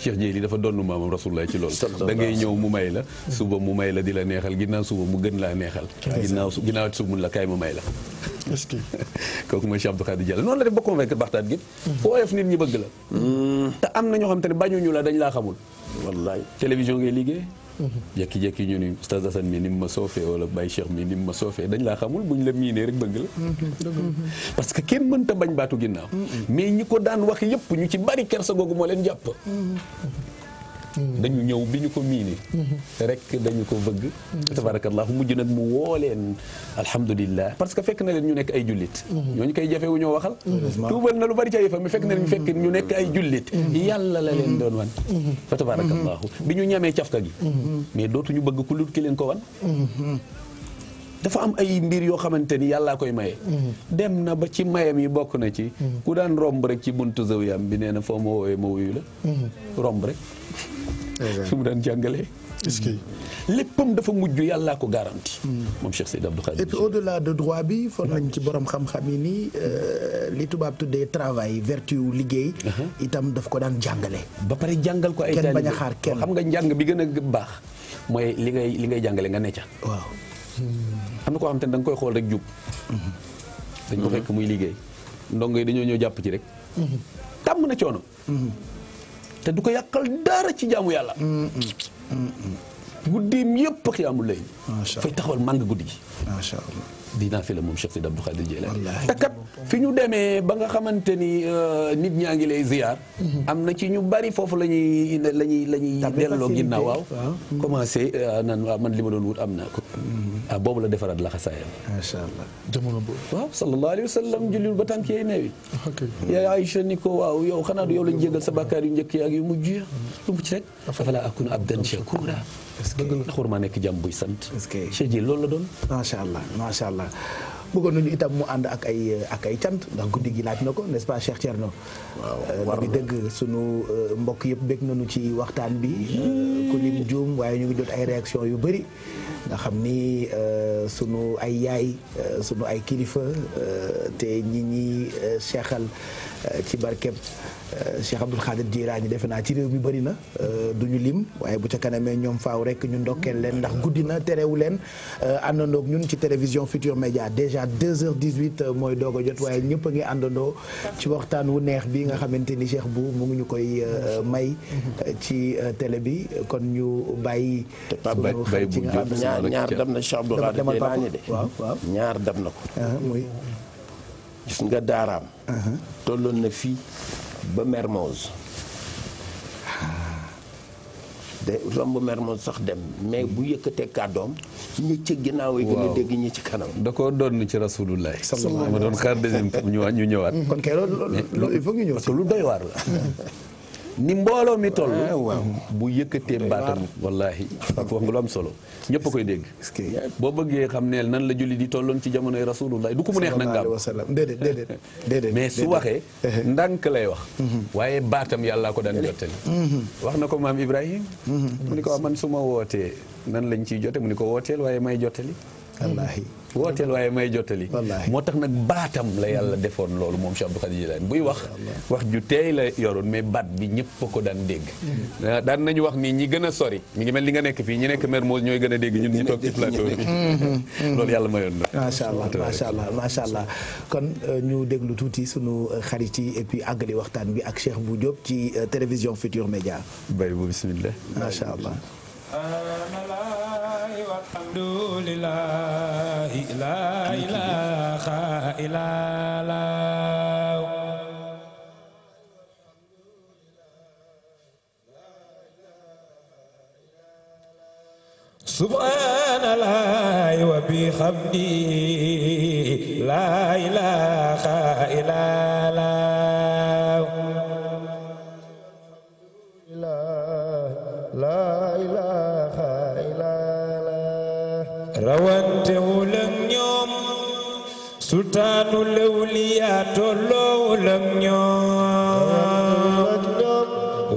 Cheikh Jéeli dafa donn maamam rasulullah ci loolu da ngay ñëw mu may la suba mu may la di la neexal ginnaaw suba mu gën laa neexal ginnaaw ginnaaw suba mun la kaay ma may la [LAUGHS] est-ce que [LAUGHS] kooku mooy Cheikh Abdou Khadir noon noonu la def ba convaincre baxtaat gi mhm. foo nit ñi bëgg la mhm. am na ñoo xam te ne bañuñu la dañ laa xamul wallaay télévision ngay liggéey jékki-jékki ñu ni Oustaz Assane mi ni mu ma soofee wala Baye Cheikh mi ni mu ma soofee dañ laa xamul ñu la miinee rek bëgg la parce que kenn mënta bañ baatu ginnaaw mais ñi ko daan wax yëpp ñu ci bari kerse googu moo leen jàpp Mm-hmm. dañu ñëw bi ñu ko miine. Mm-hmm. rek dañu ko bëgg. Mm-hmm. tabarakallahu mujj nag mu woo leen alhamdulilah. parce que fekk na leen ñu nekk ay jullit. ñooñu koy jafe ñoo waxal. tuubal na lu bari ci ay fan mi fekk na leen ñu nekk ay jullit. yàlla la leen doon wan. fa tabarakallahu bi ñu ñamee cafka gi. mais dootuñu bëgg ku lut ki leen ko wan. dafa am ay mbir yoo xamante ni yàllaa koy maye. dem na ba ci mayam yi bokk na ci. ku daan romb rek ci buntu zawiyam bi nee na foo ma woowee ma fi mu daan jàngalee. est-ce que léppam dafa mujj yàllaa ko garanti. moom Cheikh Seydou Abdou Khadir. et bi foog nañ ci borom xam-xam yi nii euh, li tubaab tuddee travail vertu liggéey. Uh-huh. itam daf ko daan jàngale. ba pare jàngal ko ay. kenn bañ a xaar kenn xam nga njàng bi gën a baax mooy li ngay li ngay jàngale nga ne ca. waaw. am na koo xam te ne koy xool rek jub. Mm-hmm. dañ ko fekk muy liggéey. ndongo yi dañoo ñëw jàpp ci rek. Mm-hmm. tàmm na coono. Mm-hmm. te du ko yàqal dara ci jaamu yàlla. Mm, mm, mm, guddeem yëpp ak yaamu lay. fay taxawal màng guddi gi. macha allah. dinaa fi la moom Cheikh Sidi Abdou Khadir Jeylaani fi ñu demee banga xamante ni nit ñaa ngi lay ziar. am na ci ñu bari foofu la ñuy la ñuy la ñuy delloo ginnaaw waaw commencé naan waaw man li ma doon wut am na ko ah boobu la defaraat la xasaayam macha allah jamono boobu waaw sallallahu alayhi wa sallam jullil ba tànk yee neewi yaa Aïcha ni xanaa du yow lañ jégal sa bàkkaar yu njëkk ak yu ya lu mu ci rek afalaa akunu abdan shakura ndax war maa nekk jàmm buy sant Cheikh ji loolu la doon macha allah macha allah allah bëggoon nañu itam mu ànd ak ay ak ay cant ndax guddi gi laaj na ko n'est-ce pas Cheikh Thierno waaw euh, dëgg sunu euh, mbokk yëpp bég nañu ci waxtaan bi euh, ku lim waaye ñu ngi jot ay réaction yu bëri nga xam ni sunu ay yaay sunu ay kilifa te ñi ñi seexal ci barkeb euh, Cheikh Abdoul Khadir Jilaani defe naa ci réew mi bëri na euh, du ñu lim waaye bu ca kanamee ñoom faaw rek ñu ndokkeel leen ndax guddina terewu leen euh, àndandoog ñun ci télévision Futur Média déjà 2h18 mooy doog jot waaye ñëpp a ngi àndandoo ci waxtaan wu neex bi nga xamante ni Cheikh bu mu ngi ñu koy may ci télé bi kon ñu bàyyi. sunu xel ci nga ñaar dab na Cheikh Abdoul Khadir Jilaani de. waaw waaw ñaar dab na ko. Ah, gis nga daaraam uh-huh. tolloon na fii ba Mermoz de romb Mermoz sax dem mais bu yëkkatee kàddoom ñi ci ginnaaw yi gën a dégg ñi ci kanam da ko doon ci rasulullah sallallahu alayhi wa sallam ma doon xaar deuxième ñu ñëwaat kon kay loolu il faut ñu ñëw parce lu doy waar la [LAUGHS] hmm. ni mbooloo mi toll. Eh, mhm. bu yëkkatee baatam wallaahi. wax nga lu am solo ñëpp a koy dégg. boo bëggee xam ne nan la julli di tolloon ci jamonoy rasulullah du ko mu neex nag. nga déedéet déedéet mais su waxee. [LAUGHS] ndànk lay wax. Mhm. waaye baatam yàllaa ko daan jottali. Mhm. wax na ko maam Ibrahim mu ni ko ah, man su ma wootee nan lañ ciy jote mu ni ko wooteel waaye may jottali. wallaahi. wooteel waaye may jottali moo tax nag baatam la yàlla defoon loolu moom Cheikh Abdou Khadir Jilani buy wax wax ju teey la yoroon mais baat bi ñëpp ko daan dégg mm-hmm. ah, daan nañu wax ni ñi gën a sori mu ngi mel li nga nekk fii ñu nekk Mermoz ñooy gën a dégg ñun ñu toog ci plateau bi mm-hmm. loolu yàlla mayoon na macha allah macha allah kon euh, ñu déglu tuuti sunu euh, xarit yi et puis àggali waxtaan bi ak Cheikh bu Diop ci euh, télévision Futur Média bay bu bismillah macha allah alhamdulillah la ilaha illallah subhanallah wa bihamdihi la ilaha illallah sultaanu lawliyaa tolloowulam ñoom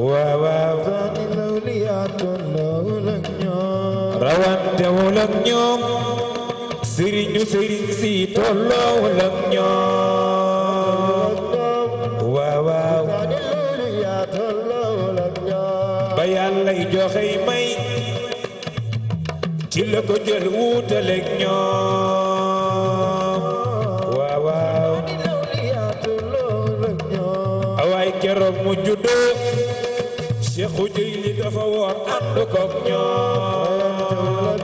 waaw waaw rawantewulam ñoom sëriñu sëriñ si tolloowulam ñoom waaw waaw ba yàllay ci la ko jël wuutaleeg ñoom mu juddoo Seexu Jeyli dafa woor ànd koog ñoom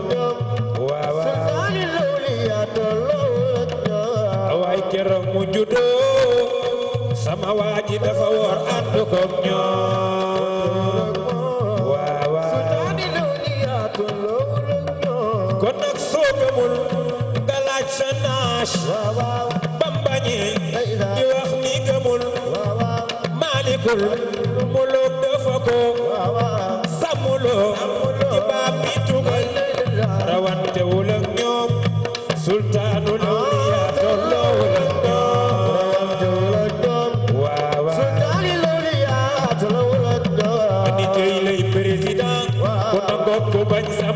waaw waaw waaye keroog mu juddoo sama waa ji dafa woor ànd koog ñoom waaw waaw kon nag soo gëmul nga laaj sa naas bambañee yëgul muloo dafa ko samuloo ci baab bi tugal rawante wul ak ñoom sultaanul awliya tolloowul ak ñoom rawante wul ak ñoom waaw sultaanul awliya tolloowul ak ñoom ni jëy lay président ku nangook ku bañ sa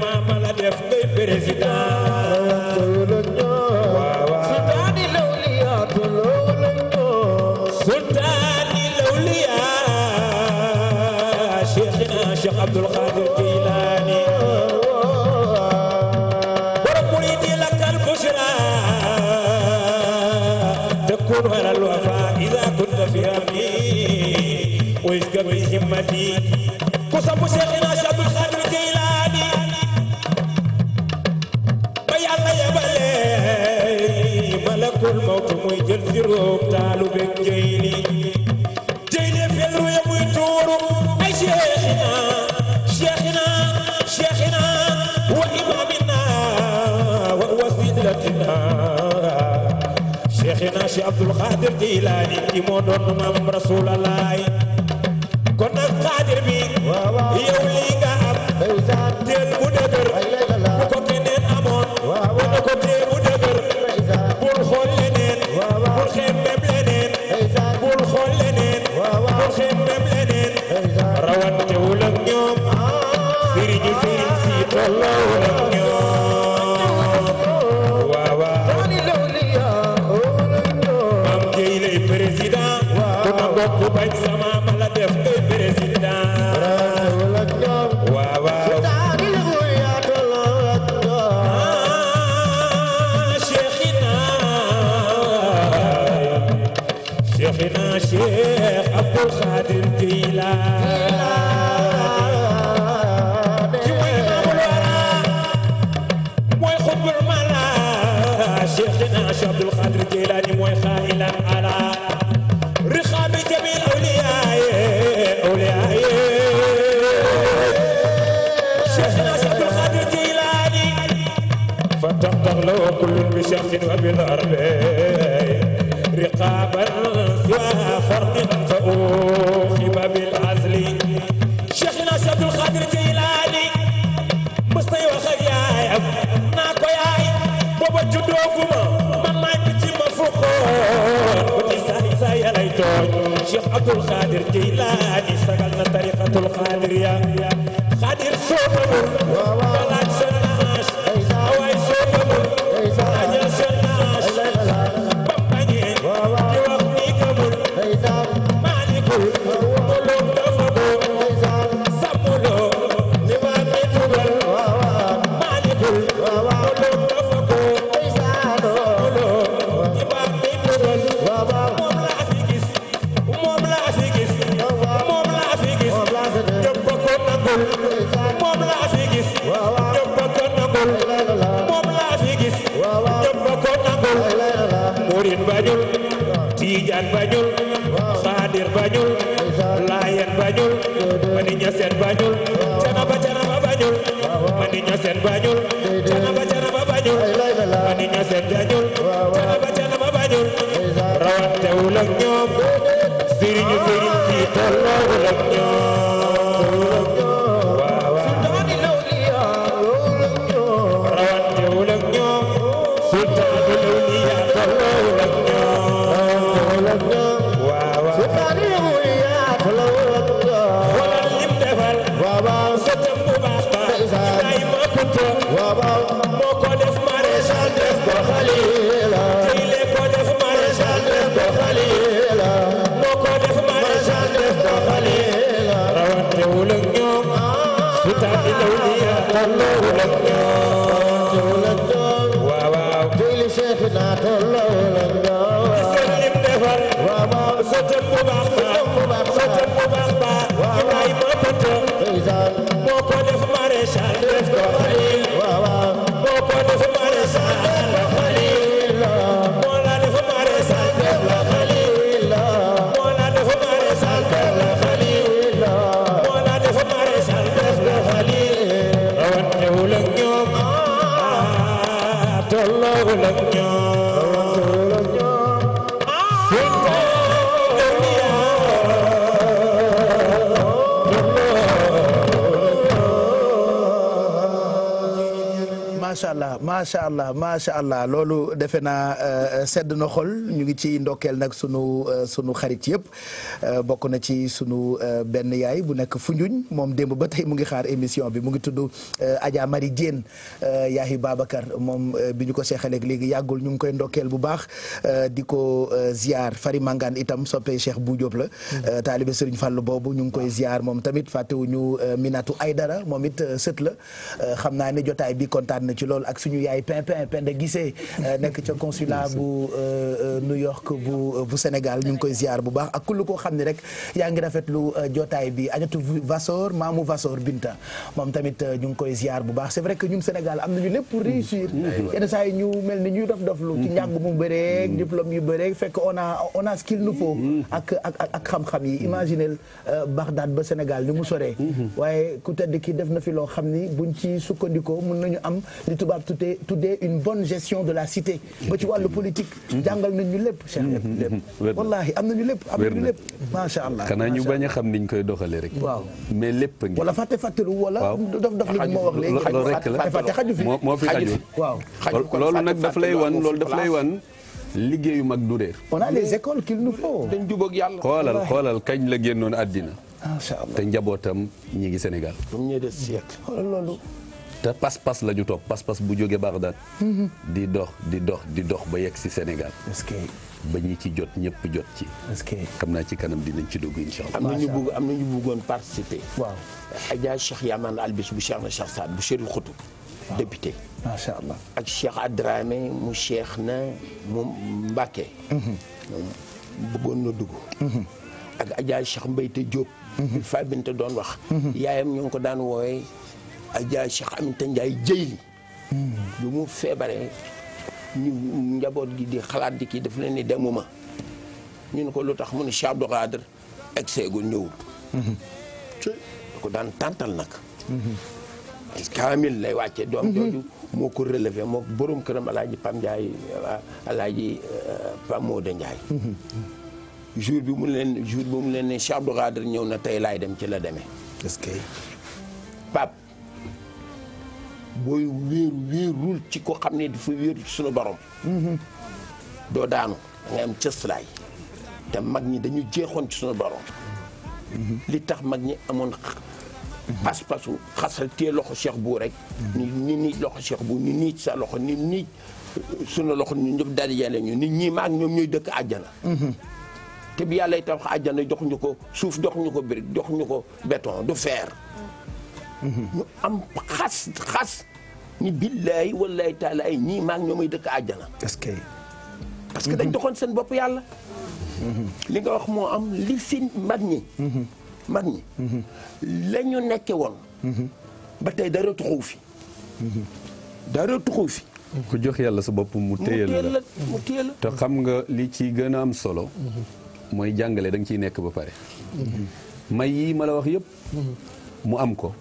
xidmati ku samp Seexina Seex Abdul Xaadir Jilaani ba yàlla yebalee malakul mawt muy jël si roog taalu beeg jëyli jëyli felru ya muy tuuru ay Seexina Seexina Seexina wa imaamina wa wasilatina Seexina Seex Abdul Xaadir Jilaani ki moo doon maam Rasuulallaahi mentor Cheikh Abdul Qadir Jilani sagal na tariqatul Qadiriya Qadir soo macha allah macha allah macha allah loolu defe naa euh, euh, sedd na xol ñu ngi ci ndokkeel nag sunu euh, sunu xarit yëpp bokk na ci sunu benn yaay bu nekk Foundiougne moom démb ba tey mu ngi xaar émission bi mu ngi tudd Adja Marie Diène yaayi Babacar moom bi ñu ko seexaleeg léegi yàggul ñu ngi koy ndokkeel bu baax di ko ziar Fari Mangane itam soppee Cheikh Bou Diop la. Mm-hmm. taalibe Serigne Fall boobu ñu ngi koy ziar moom tamit fàttewuñu Minatou Aydara moom it sët la xam naa ne jotaay bi kontaan ci loolu ak suñu yaay Pimpin Penda Guissé euh, nekk ca consulat bu euh, euh, New York bu bu Sénégal ñu ngi koy ziar bu baax ak kullu koo xam ne rek yaa ngi rafetlu jotaay bi Ajatou Vassor Mamou Vassor Binta moom tamit ñu ngi koy ziar bu baax c'est vrai que ñun Sénégal am nañu lépp pour réussir mm-hmm. yenn saa yi ñu mel ni ñuy dof doflu ci mm-hmm. njàng mu bëreeg mm-hmm. diplôme yu bëreeg fekk on a on a ce qu'il ak ak ak xam-xam yi imaginez Bagdad ba Sénégal ni mu soree waaye ku tedd ki def na fi loo xam ni buñ ci sukkandikoo mën nañu am li tubaab tuddee tuddee une bonne gestion de la cité ba ci wàllu politique jàngal nañ ñu lépp cheikh lépp mhm, mhm, mhm. wallaahi am nañu lépp am nañu lépp macha allah xanaa ñu bañ a xam niñ koy doxalee rek waaw mais lépp ngi wala fàtte fàttelu wala dof dof li moo wax léegi loolu rek la fàtte xaju fi moo fi xaju waaw loolu nag daf lay wan loolu daf lay wan liggéeyu mag du réer on a les écoles qu'il nous faut dañ jubóog yàlla xoolal xoolal kañ la génnoon àddina macha allah te njabootam ñi ngi Sénégal ñoom ñooy des siècle xoolal loolu te pas-pas la ñu topp pas-pas bu jógee Bagdad di dox di dox di dox ba yegg ci Sénégal. ba ñi ci jot ñëpp jot ci. xam naa ci kanam dinañ ci dugg incha allah. am na ñu bugg am na ñu buggoon participer. waaw Adja Cheikh Yaman Albis bu Cheikh na Cheikh Saad bu Cheikh Khoutou. député. macha allah ak Cheikh Adramé mu Cheikh na mu Mbacké. Mhm. bëggoon na dugg. Mhm. ak Adja Cheikh Mbayte Diop. bi mhm. Fabien doon wax. yaayam ñoo ko daan woowee. a Adja Cheikh Aminta Ndiaye Jeyli bu mu feebaree njaboot gi di xalaat di kii daf leen ni demuma ñun ko lu tax mun ne Cheikh Abdou Khadre ñëwul ko daan tàntal nag kaamil lay wàcce doom jooju moo ko relevé moo borom këram alaaji Pam a alaaji euh, Pam Mooda Ndiaye jour bi mu leen jour bi mu leen ne Cheikh Abdou ñëw na tey laay dem ci la demee booy wéeru wéerul ci ko xam ne dafa wéeru ci sunu borom. Mhm. doo daanu da ngay am cëslaay te mag ñi dañu jeexoon ci sunu borom. Mhm. li tax mag ñi amoon mhm. pas-pasu xasal tee loxo seex bu rek. ni ni niij loxo Cheikh bu ni niij sa loxo ni niij euh, loxo ñu ñëpp daal di nit ñi maag ñoom ñuy dëkk àjjana. te bi yàlla tabax àjjana jox ñu ko suuf jox ñu ko brique jox ñu ko béton du fer. ñu am xas xas. ni billaay wallaay taala ay ñii maak ñoomay dëkk àjjana est-ce dañ doxoon seen bopp yàlla li nga wax moo am li si mag ñi mag ñi la ñu nekke woon ba tey dara tuxuw fi dara tuxuw fi ku jox yàlla sa bopp mu téye la mu téye te xam nga li ci gën a am solo mooy jàngale da ciy nekk ba pare may yii ma la wax yëpp mu am ko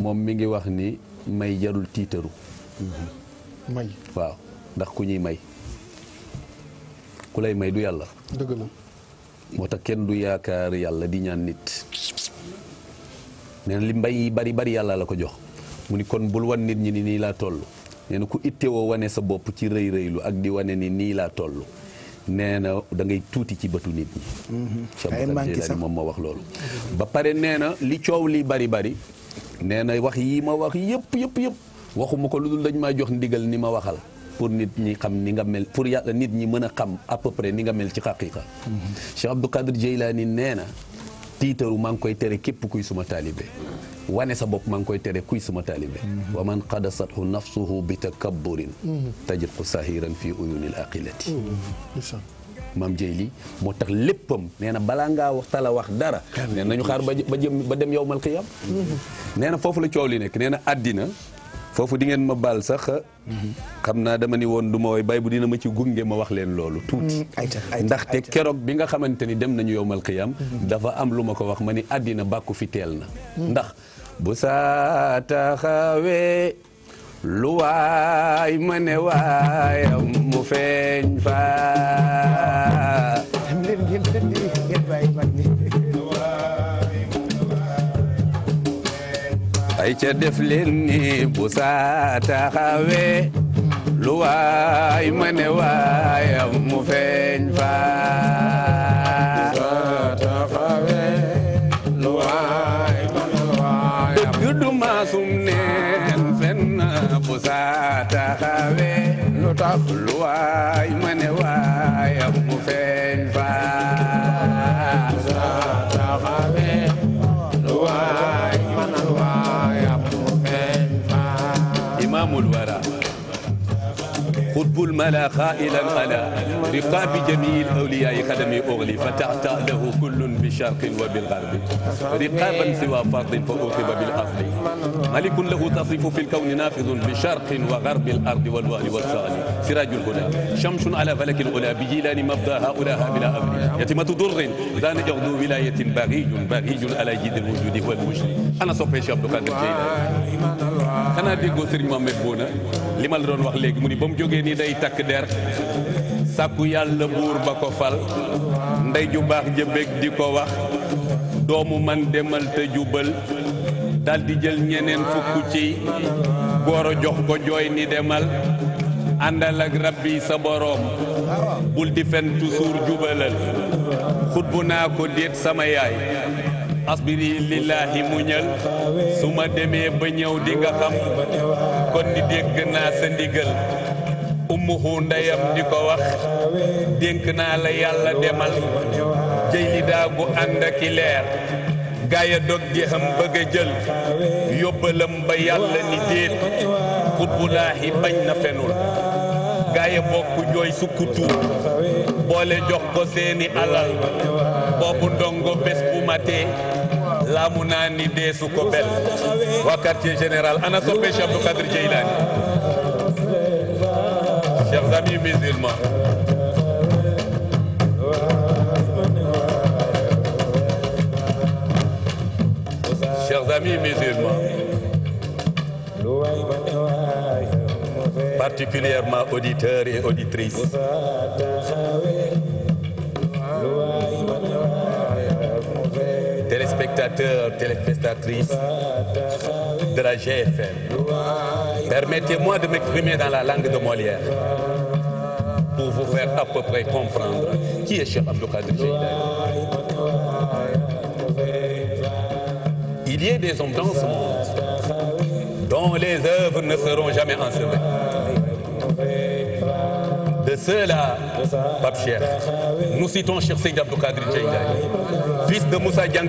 moom mi ngi wax ni may jarul tiitaru. may waaw ndax ku ñuy may ku lay may du yàlla. dëgg moo tax kenn du yaakaar yàlla di ñaan nit. nee li mbay yi bari bari yàlla la ko jox mu ni kon bul wan nit ñi ni nii laa toll nee na ku ittewoo wane sa bopp ci rëy rëylu ak di wane ni nii laa toll nee na da tuuti ci bëtu nit ñi. Mhm. ay moom moo wax loolu. ba pare nee li coow li bari bari. nee na wax yii ma wax yëpp yëpp yëpp waxuma ko lu dul dañ maa jox ndigal ni ma waxal pour nit ñi xam ni nga mel pour yàlla nit ñi mën a xam à peu près ni nga mel ci xaqiqa mm-hmm. Cheikh Abdou Qadir Jeylaani nee na tiitaru maa ngi koy tere képp kuy suma taalibe wane sa bopp maa ngi koy tere kuy suma taalibe mm-hmm. wa man qadasathu nafsuhu bi takabburin mm-hmm. tajriqu sahiran fi uyunil aqilati maam Dieye lii moo tax léppam nee na balaa ngaa wax tala wax dara. nee nañu xaar ba ba jëm ba dem yow mal xiyam. Mm-hmm. nee na foofu la coow li nekk nee na àddina foofu di ngeen ma baal sax. Mm-hmm. xam naa dama ni woon du ma woy bay bu dina ma ci gunge ma wax leen loolu tuuti mm-hmm. ndaxte keroog bi nga xamante ni dem nañu yowmal xiyam dafa am lu ma ko wax ma ni àddina bàkku fi teel na ndax bu saa lu waay ma ne waayam mu feeñ fa ay ca def leen ni bu saa mu feeñ fa ab lu waay قطب الملا قائلا أنا رقاب جميع الأولياء خدمي أغلي فتعتع له كل بالشرق وبالغرب رقابا سوى فرد فأوقب بالأصل ملك له تصف في الكون نافذ بشرق وغرب الأرض والوال والصال سراج الهدى شمس على فلك الأولى بجيلان مبدى هؤلاء بلا أمر يتمة در دان يغدو ولاية بغيج بغيج على جد الوجود والمشري أنا صفي شاب قادر جيلان xanaa déggoo Serigne Mohamed Bouna li ma la doon wax léegi mu ni ba mu jógee day takk der sàkku yàlla buur ba ko fal ndey ju baax jëbék di ko wax doomu man demal te jubal daldi jël ñeneen fukk ci gooro jox ko jooy ni demal àndal ak rabbi sa boroom bul di fen toujours jubalal xutbu naa ko déet sama yaay asbiri lillaahi muñal su ma demee ba ñëw di nga xam kon ni dégg naa sa ndigal ummuhu ndeyam di ko wax dénk naa la yàlla demal jëy li daa bu ànd aki leer gaaya dog di xam bëgg a jël yóbbalam ba yàlla ni déet xutbulaahi bañ na fenul gaaya bokk jooy sukku boole jox ko seeni alal boobu ndongo bés bu matee laamu naa ni deesu ko bel waa quartier général ana soppe Cheikh Abdou Kadir Jeylaani chers amis musulmans particulièrement auditeurs et auditrices téléspectateurs téléspectatrices de la GFM. Permettez-moi de m'exprimer dans la langue de Molière pour faire à peu près comprendre qui est Cheikh Abdou Khadr Il y a des hommes dont les œuvres ne seront jamais ensevelies. De ceux-là, nous citons Cheikh Seyd Abdou Khadr Jailani, de Moussa Diagne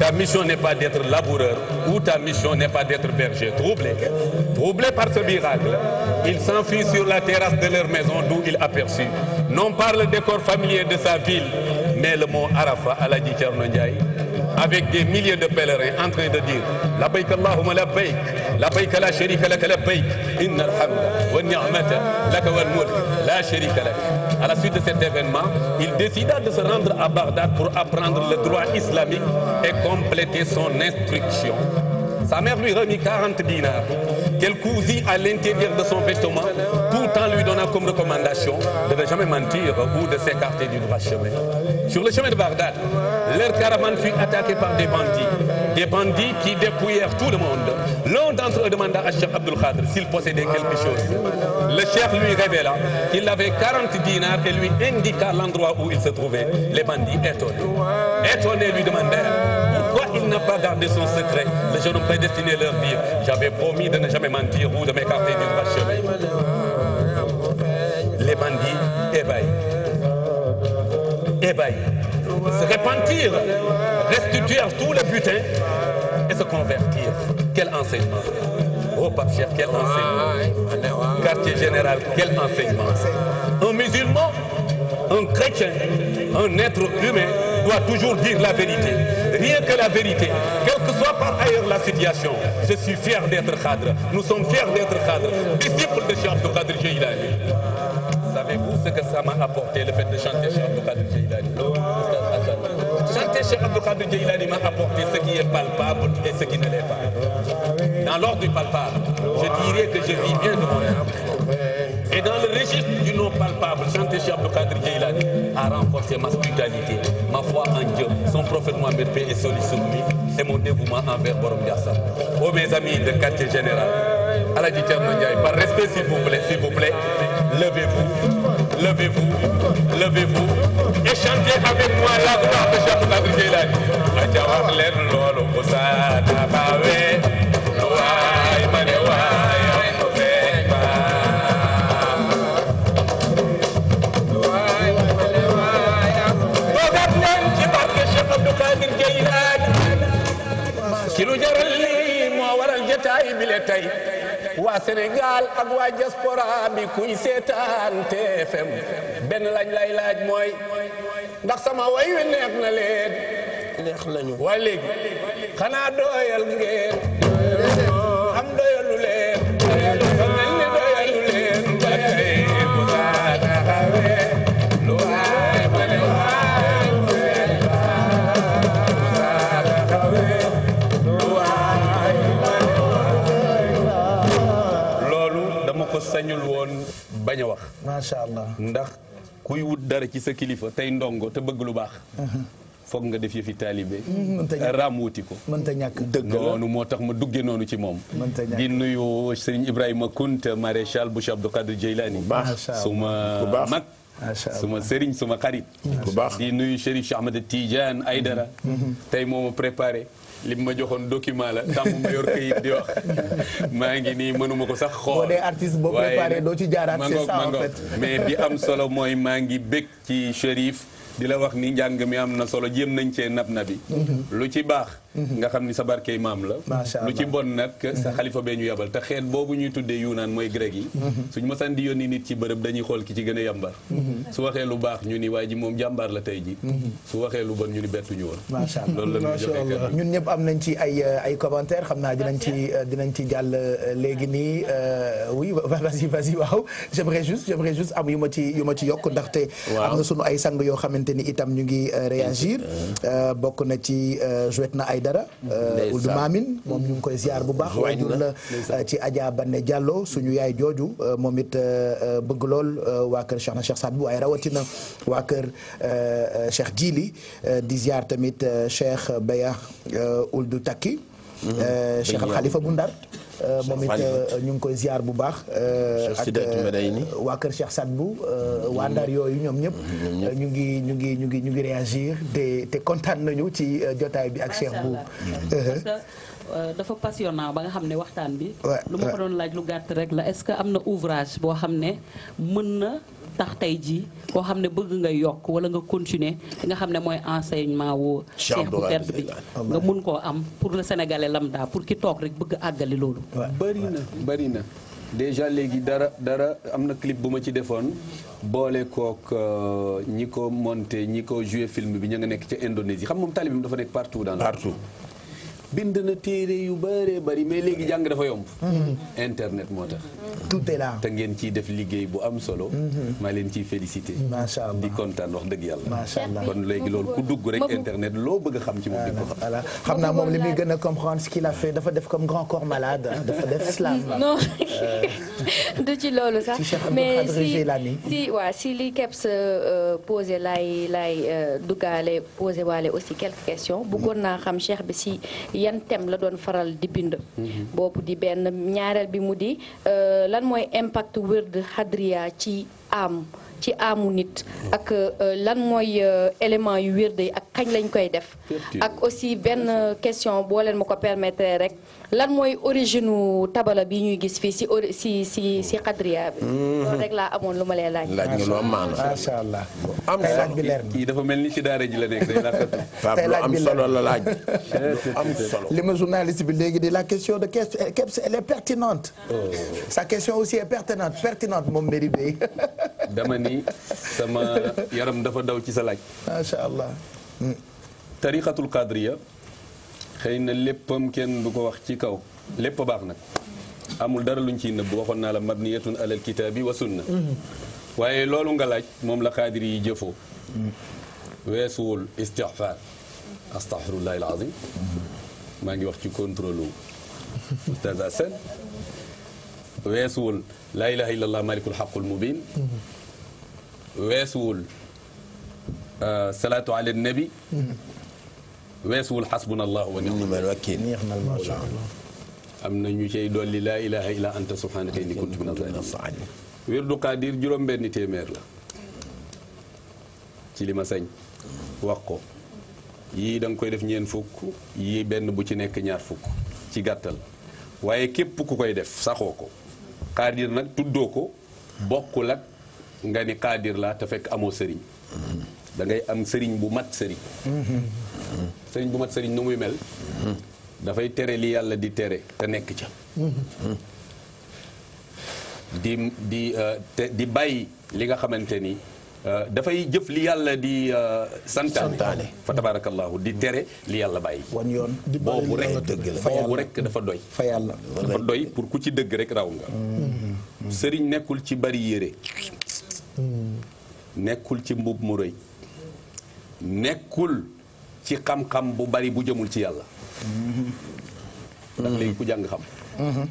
Ta mission n'est pas d'être laboureur ou ta mission n'est pas d'être berger. Troublés, par ce miracle, ils s'enfuient sur la terrasse de leur maison d'où ils aperçut non pas le décor familier de sa ville, mais le mont Arafat Aladji Thierno Ndiaye avec des milliers de pèlerins en train de dire labbayk allahumma labbayk labbayk la sharika lak labbayk innal hamda wan ni'mata la à la suite de cet événement, il décida de se rendre à Bagdad pour apprendre le droit islamique et compléter son instruction. Sa mère lui remit dinars qu'elle cousit à l'intérieur de son vêtement tout en lui donnant comme recommandation de jamais mentir ou de s'écarter du droit chemin. Sur le chemin de Bagdad, leur caravane fut attaquée par des bandits, des bandits qui dépouillèrent tout le monde L'un d'entre eux demanda à Cheikh Abdul Khadr s'il possédait quelque chose. Le chef lui révéla qu'il avait 40 et lui indiqua l'endroit où il se trouvait. Les bandits étonnés. Étonnés lui demandèrent pourquoi il n'a pas gardé son secret. Le jeune homme prédestiné leur dire J'avais promis de ne jamais mentir ou de m'écarter du droit chemin. Les bandits ébahis. Ébahis. Se repentir, restituèrent tout le butin et se convertir. Quel enseignement Oh, Pape Quartier général, quel enseignement Un musulman, un chrétien, un être humain doit toujours dire la vérité. Rien que la vérité, quelle que soit par ailleurs la situation. Je suis fier d'être cadre. Nous sommes fiers d'être cadre, disciples de Cheikh Abdou Qadir Jilani. Savez-vous ce que ça m'a apporté, le fait de chanter Cheikh Abdou Qadir Cheikh Abdou Khadir Djeylani m'a apporté ce qui est palpable et ce qui ne l'est pas. Dans l'ordre palpable, je dirais que je vis bien de moi. Et dans le registre du non palpable, chanter Cheikh Abdou Khadir Djeylani a renforcé ma spiritualité, ma foi en Dieu, son prophète Mohamed paix et salut sur et mon dévouement envers Borom Ndiassane. Oh mes amis de quartier général, Aladji Thierno Ndiaye, par respect s'il vous plaît, s'il vous vous levez-vous, levez-vous. chantez avec moi la gloire de Cheikh Abdou Jilani aca wax leen loolu Moussa Tabawe lu waay ma ne waay ci lu jaral lii moo waral jotaay bi le tey waa Sénégal ak waa diaspora bi kuy seetaan TFM benn lañ lay laaj mooy ndax sama way wi neex na leen neex lañu waa léegi xanaa dooyal ngeen dafa sañul woon bañ a wax. macha allah ndax kuy wut dara ci sa kilifa tey ndongo te bëgg lu baax. foog nga def yëfi taalibe. Mm-hmm. raam wuti ko. mënta ñàkk dëgg noonu moo tax ma dugge noonu ci moom. di nuyu Serigne Ibrahima Kounta maréchal Bouch Abdou Kadir Jeylani. macha suma mag. suma sëriñ suma xarit. baax di nuyu Chérif Cheikh Ahmed Tidiane Aydara. Mm-hmm. tey moo ma préparé. li ma joxoon document la tàmm ma yor kayit di wax maa ngi ni mënuma ko sax xool boo dee artiste doo ci jaaraat c'est ça en fait mais di am solo mooy maa ngi bég ci Chérif di la wax ni njàng mi am na solo jéem nañ cee nab nabi mhm. lu ci baax [LAUGHS] nga xam ni sa barkey maam la lu ci bon nag [LAUGHS] sa xalifa bee ñu tuddee yuunaan mooy grec yi [LAUGHS] suñu masaan di yónni nit ci bërëb dañuy xool ki ci gën a su waxee lu baax ñu ni waa ji moom jàmbaar la tey ji su waxee lu bon ñu ni bettuñu woon ñu joxe am nañ ci ay euh, commentaire xam naa dinañ ci euh, jàll euh, léegi nii waaw j'aimerais juste j'aimerais juste am yu ma ci yu ma ci yokk ndaxte am na sunu ay sang yoo xamante ni itam ñu ngi réagir bokk na ci jouet na ay Aïdara euh, Ould Mamine moom ñu ngi koy ziar bu baax waajur euh, la ci Adja Bane Diallo suñu yaay jooju euh, moom it bëgg lool waa kër Cheikh na Cheikh Saad bu waaye rawatina waa kër Cheikh Djili di ziar tamit Cheikh Beya Ould Takki Mhm. Euh, Cheikh Al Khalifa bu Ndar euh, moom it euh, ñu ngi koy ziar bu baax ak waa kër Cheikh Sadbou mhm. waa Ndar yooyu mhm, ñoom ñëpp ñu ngi ñu ngi ñu ngi ñu ngi réagir te te kontaan nañu ci jotaay bi ak Cheikh bu dafa passionnant ba nga xam ne waxtaan bi lu ma ko doon laaj lu gàtt rek la est-ce que am na ouvrage boo xam ne mën na tax tey jii koo xam ne bëgg nga yokk wala nga continuer li nga xam ne mooy enseignement wu cheikh bu tedd bi nga mun koo am pour le sénégalais lambda pour ki toog rek bëgg àggali loolu bari na bari na déjà léegi dara dara am na clip bu ma ci defoon boole kook euh, ñi ko monté ñi ko joué film bi ñu nga nekk ca Indonésie xam moom taalibim dafa nekk partout dans partout bind na téere yu bëree bëri mais léegi jàng dafa yomb. Mhm. internet moo tax. tout est là te ci def liggéey bu am solo. Mhm. maa leen ciy félicité. macha allah di kontaan wax dëgg yàlla. macha allah kon léegi loolu ku dugg rek internet loo bëgg a xam ci moom di ko xam. voilà xam li muy gën a comprendre ce qu'il a fait dafa def comme grand corps malade dafa def slam. non euh, [LAUGHS] du ci loolu sax. mais si si waaw si li Kebs euh, posé laay laay euh, duggaale posé waale aussi quelques questions bëggoon naa xam Cheikh bi si. yan thème la doon faral di bind. Mhm. boobu di benn ñaareel bi mu di euh, lan mooy impact wërd hadria ci am ci amu nit. Oh. ak euh, lan mooy euh, élément yu wërd yi ak kañ lañ koy def. ak aussi benn question boo leen ma ko permettre rek lan mooy origine tabala bi ñuy gis fii si si si si xadriya bi. Mm-hmm. rek laa amoon lu ma lee laaj. laaj nga lu am maana macha allah am solo kii dafa mel ni ci daara ji la am solo la laaj. am [LAUGHS] solo li ma journaliste bi léegi di la question de question elle est pertinente. Oh. sa question aussi est pertinente pertinente moom mérite day. dama ni sama yaram dafa daw ci sa laaj. macha allah. Hmm. tariqatul qadriya xëy na léppam kenn du ko wax ci kaw lépp baax nag amul dara luñ ciy nëbb waxoon naa la mabniyatun alal kitaabi wa sunna mm-hmm. waaye loolu nga laaj moom la xaadiri yi jëfoo mm-hmm. weesuwul istixfaar mm-hmm. astaxfirullahi alazim maa ngi wax ci contrôle u oustaz Assane weesuwul laa ilaha illallah malikul xaqul mubin weesuwul uh, salaatu ala nabi weesuwul xasbunallahu wa ni'mal wakiil am na ñu cay dolli laa ilaha illa anta subhanaka inni kuntu mina zaalimiin wirdu qaadir juróom benni téeméer la ci li ma sañ wax ko yii danga koy def ñeent fukk yii benn bu ci nekk ñaar fukk ci gàttal waaye képp ku koy def saxoo ko qaadir nag tuddoo ko bokkul ak nga ni qaadir laa te fekk amoo sëriñ mm-hmm. dangay am sëriñ bu mat sëriñ mm-hmm. sëriñ bu mat sëriñ nu muy mel dafay tere li yàlla di tere te nekk ca di di uh, di bàyyi li nga xamante ni uh, dafay jëf li yàlla di uh, santaane fa tabaarakallaahu di tere li yàlla bàyyi wan yoon boobu rek dëgg la boobu rek dafa doy fa yàlla pour ku ci dëgg rek raw nga mm-hmm. sëriñ nekkul ci bari yére mm-hmm. nekkul ci mbub mu rëy nekkul ci xam-xam bu bari bu jëmul ci yàlla mm-hmm. ndax léegi ku jàng xam mm-hmm.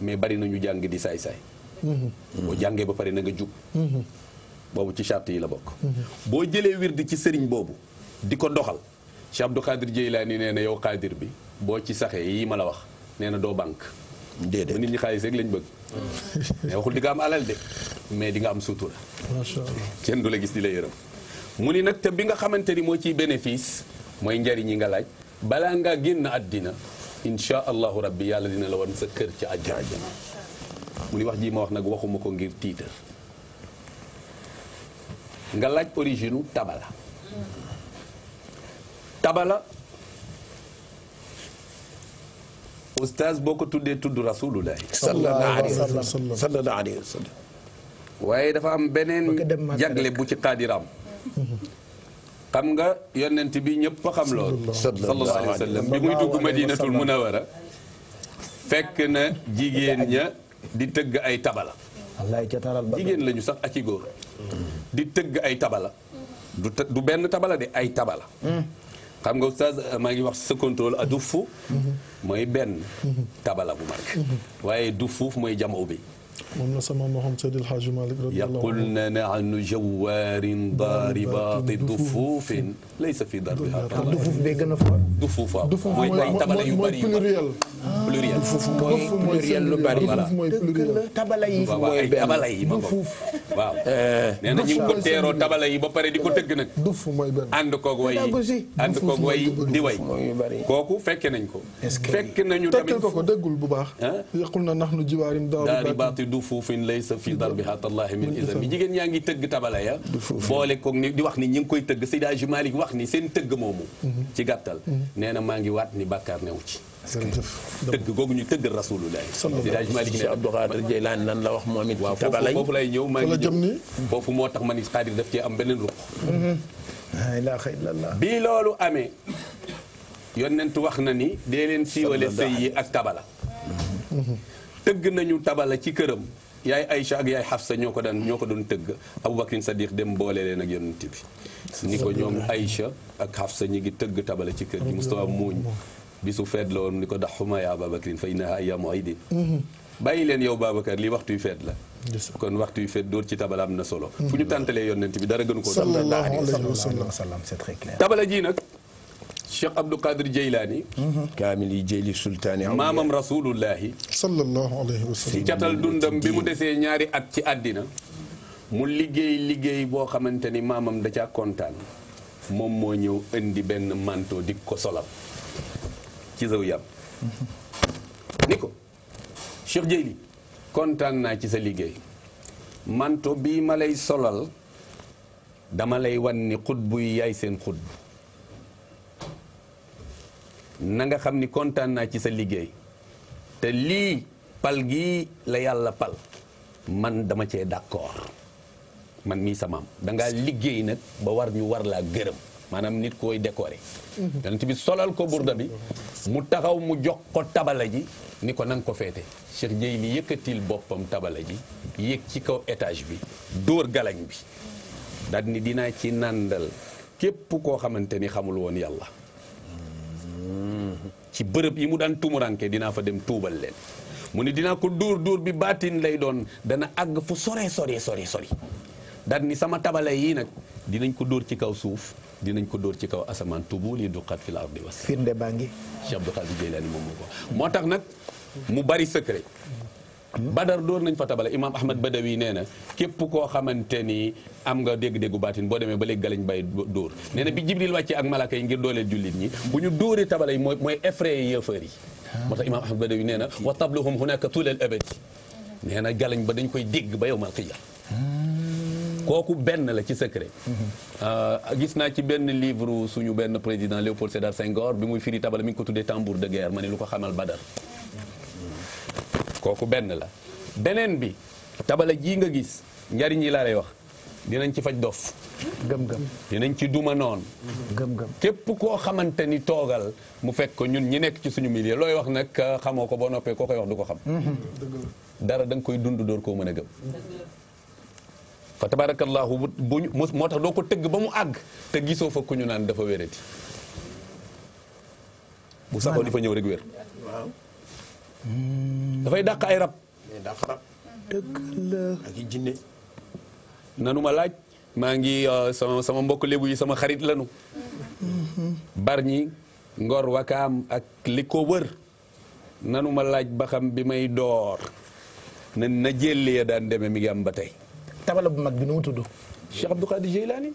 mais bari nañu jàng di saay-saay mm-hmm. boo jàngee ba pare na nga jub boobu ci charte yi la bokk boo jëlee wirdi ci sëriñ boobu di ko doxal Cheikh Abdou Khadir Jeylaani nee na yow Khadir bi boo ci saxee yi ma la wax nee doo banque déedéet nit ñi xaalis rek lañ bëgg mais waxul di am alal de mais di nga am sutura. kenn du la gis di la yërëm mu ni nag te bi nga xamante ni moo ciy bénéfice mooy njariñ yi nga laaj balaa ngaa génn àddina insha allahu rabbi yàlla dina la wan sa kër ci àjjana mu ni wax ji ma wax nag waxuma ko ngir tiitar nga laaj origine tabala tabala oustaz boo ko tuddee tudd rasulullahi sallallahu alayhi wa sallam waaye dafa am beneen jagle bu ci xaadiraam xam nga yonent bi ñëpp a xam lool sallallahu alayhi wa sallam bi muy dugg madinatul munawara fekk na jigéen ña di tëgg ay tabala jigéen lañu sax ak i góor di të- ay tabala du du benn tabala de ay tabala xam nga oustaz maa ngi wax sa contrôle a dufu mhm. mooy benn tabala bu mag mhm. waaye dufuuf mooy jamoo bi moom la sama moxam Seydi El Hadji Malick radiyallahu anhu yaqulna nahnu jawaarin daaribaatin dufuufin laysa fi darbihaa dufuuf bee gën a fort dufuuf waaw mooy tabala yu bari yu pluriel pluriel dufuuf mooy pluriel lu bari voilà tabala yi mooy tabala yi ma ko waaw eh, nee na ñu ngi ko teeroo tabala yi ba pare di ko tëgg nag dufuuf mooy benn ànd koog way ànd koog way di way kooku fekke nañ ko fekk nañu tamit ko ko déggul bu baax yaqulna nahnu jawaarin daaribaatin fuufin laysa fi darbihatallahi min isami jigéen ñaa ngi tëgg tabala ya boole koog ni di wax ni ñi ngi koy tëgg Seydi Hadji Malick wax ni seen tëgg moomu mhm. ci gàttal mhm. nee na maa ngi waat ni bàkkaar newu ci tëgg googu ñu tëgg rasulullah Seydi Hadji Malick ne Abdou Khadir Jeylaan lan la wax moom it waaw foofu lay ñëw maa ngi ñëw foofu moo tax ma ni Xaadir daf cee am beneen ruq mhm. la ilaha illallah bi loolu amee yonent wax na ni dee leen siiwale sëy yi ak tabala tëgg nañu tabala ci këram yaay Aïcha ak yaay sa ñoo ko daan ñoo ko doon tëgg Aboubacrine Sadiq dem boole leen ak yonent bi ni ko ñoom Aïcha ak sa ñi ngi tëgg tabala ci kër gi Moustapha Muuñ su feet la woon ni ko daxuma yaa Aboubacrine fa innaha ayyaamu iidin mhm. bàyyi leen yow Babacar lii waxtuy feet la kon waxtu yu fet dóor ci tabala am na solo fu ñu mhm. tàntalee yonent bi dara gënu ko sallallahu alayhi wa sallam c'est nag Cheikh Abdou Qadir Jeylaani. Mhm. kaamil yi jeyli sultaani. maamam rasulullahi. sallallahu catal dundam bi mu desee ñaari at ci àddina. mu liggéey liggéey boo xamante ni maamam da caa kontaan. moom moo ñëw indi benn manto di ko solal. ci saw yàpp. Mhm. ni ko Cheikh Jeyli kontaan naa ci sa liggéey. manto bii ma lay solal. dama lay wan ni xutbu yi yaay seen xutbu. nanga xam ni kontaan naa ci sa liggéey te lii pal gi la yàlla pal man dama cee d'accord man mii samaam danga liggéey nag ba war ñu war laa gërëm maanaam nit koy décorer mhm. yonent bi solal ko burda bi mu taxaw mu jox ko tabala ji ni ko nanga ko feete Cheikh Dieye li yëkkatil boppam tabala ji yéeg ci kaw étage bi dóor galañ bi daal ni dinaa ci nàndal képp koo xamante ni xamul woon yàlla ci bërëb yi mu daan tumuranke dinaa fa dem tuubal leen mu ni dinaa ko dóor dóor bi baatin lay doon dana àgg fu sore sore sore sori daal ni sama tabale yii nag dinañ ko dóor ci kaw suuf dinañ ko dóor ci kaw asamaan tubuuli duqat fil ardi was firnde baa ngi Cheikh Abdou Khadir Jeylaani moom moo ko moo tax nag mu bari secret badar door nañ fa tabale imaam ahmad badawi nee na képp koo xamante ni am nga dégg-déggu baatin boo demee ba léegi galañ bay dóor nee na bi jibril wàccee ak malaka yi ngir dooleel jullit ñi bu ñu dóoree tabale yi mooy mooy effrayé yëfër yi moo tax imaam ahmad badawi nee na wa tabluhum hunaka tulal abadi nee na galañ ba dañ koy dégg ba yowmal qiyaam kooku benn la ci secret ah, gis naa ci benn livre suñu benn président Léopold Sédar Senghor bi muy firi tabale mi ngi ko tuddee tambour de guerre ma ne lu ko xamal badar kooku benn la beneen bi tabala jii nga gis njariñ yi laa lay wax dinañ ci faj dof gëm-gëm dinañ ci duma noon gëm-gëm képp koo xamante ni toogal mu fekk ko ñun ñi nekk ci suñu milieu looy wax nag euh, xamoo ko boo noppee koo koy wax du ko xam dara da koy dund door koo mën a gëm fa tabarakallahu buñ moo tax doo ko tëgg ba mu àgg te gisoo fa ku ñu naan dafa wérati bu saxoo di fa ñëw rek wér dafay daq ay rab. day la ak nanu ma laaj maa ngi euh, sama sama mbokk lébu yi sama xarit lanu ñi Ngor Wakaam ak li ko wër nanuma laaj ba xam bi may door na na ya daan demee mi ngi am ba tey. tabala bu mag bi nu mu tudd. Cheikh Abdou Khadir Jeylaani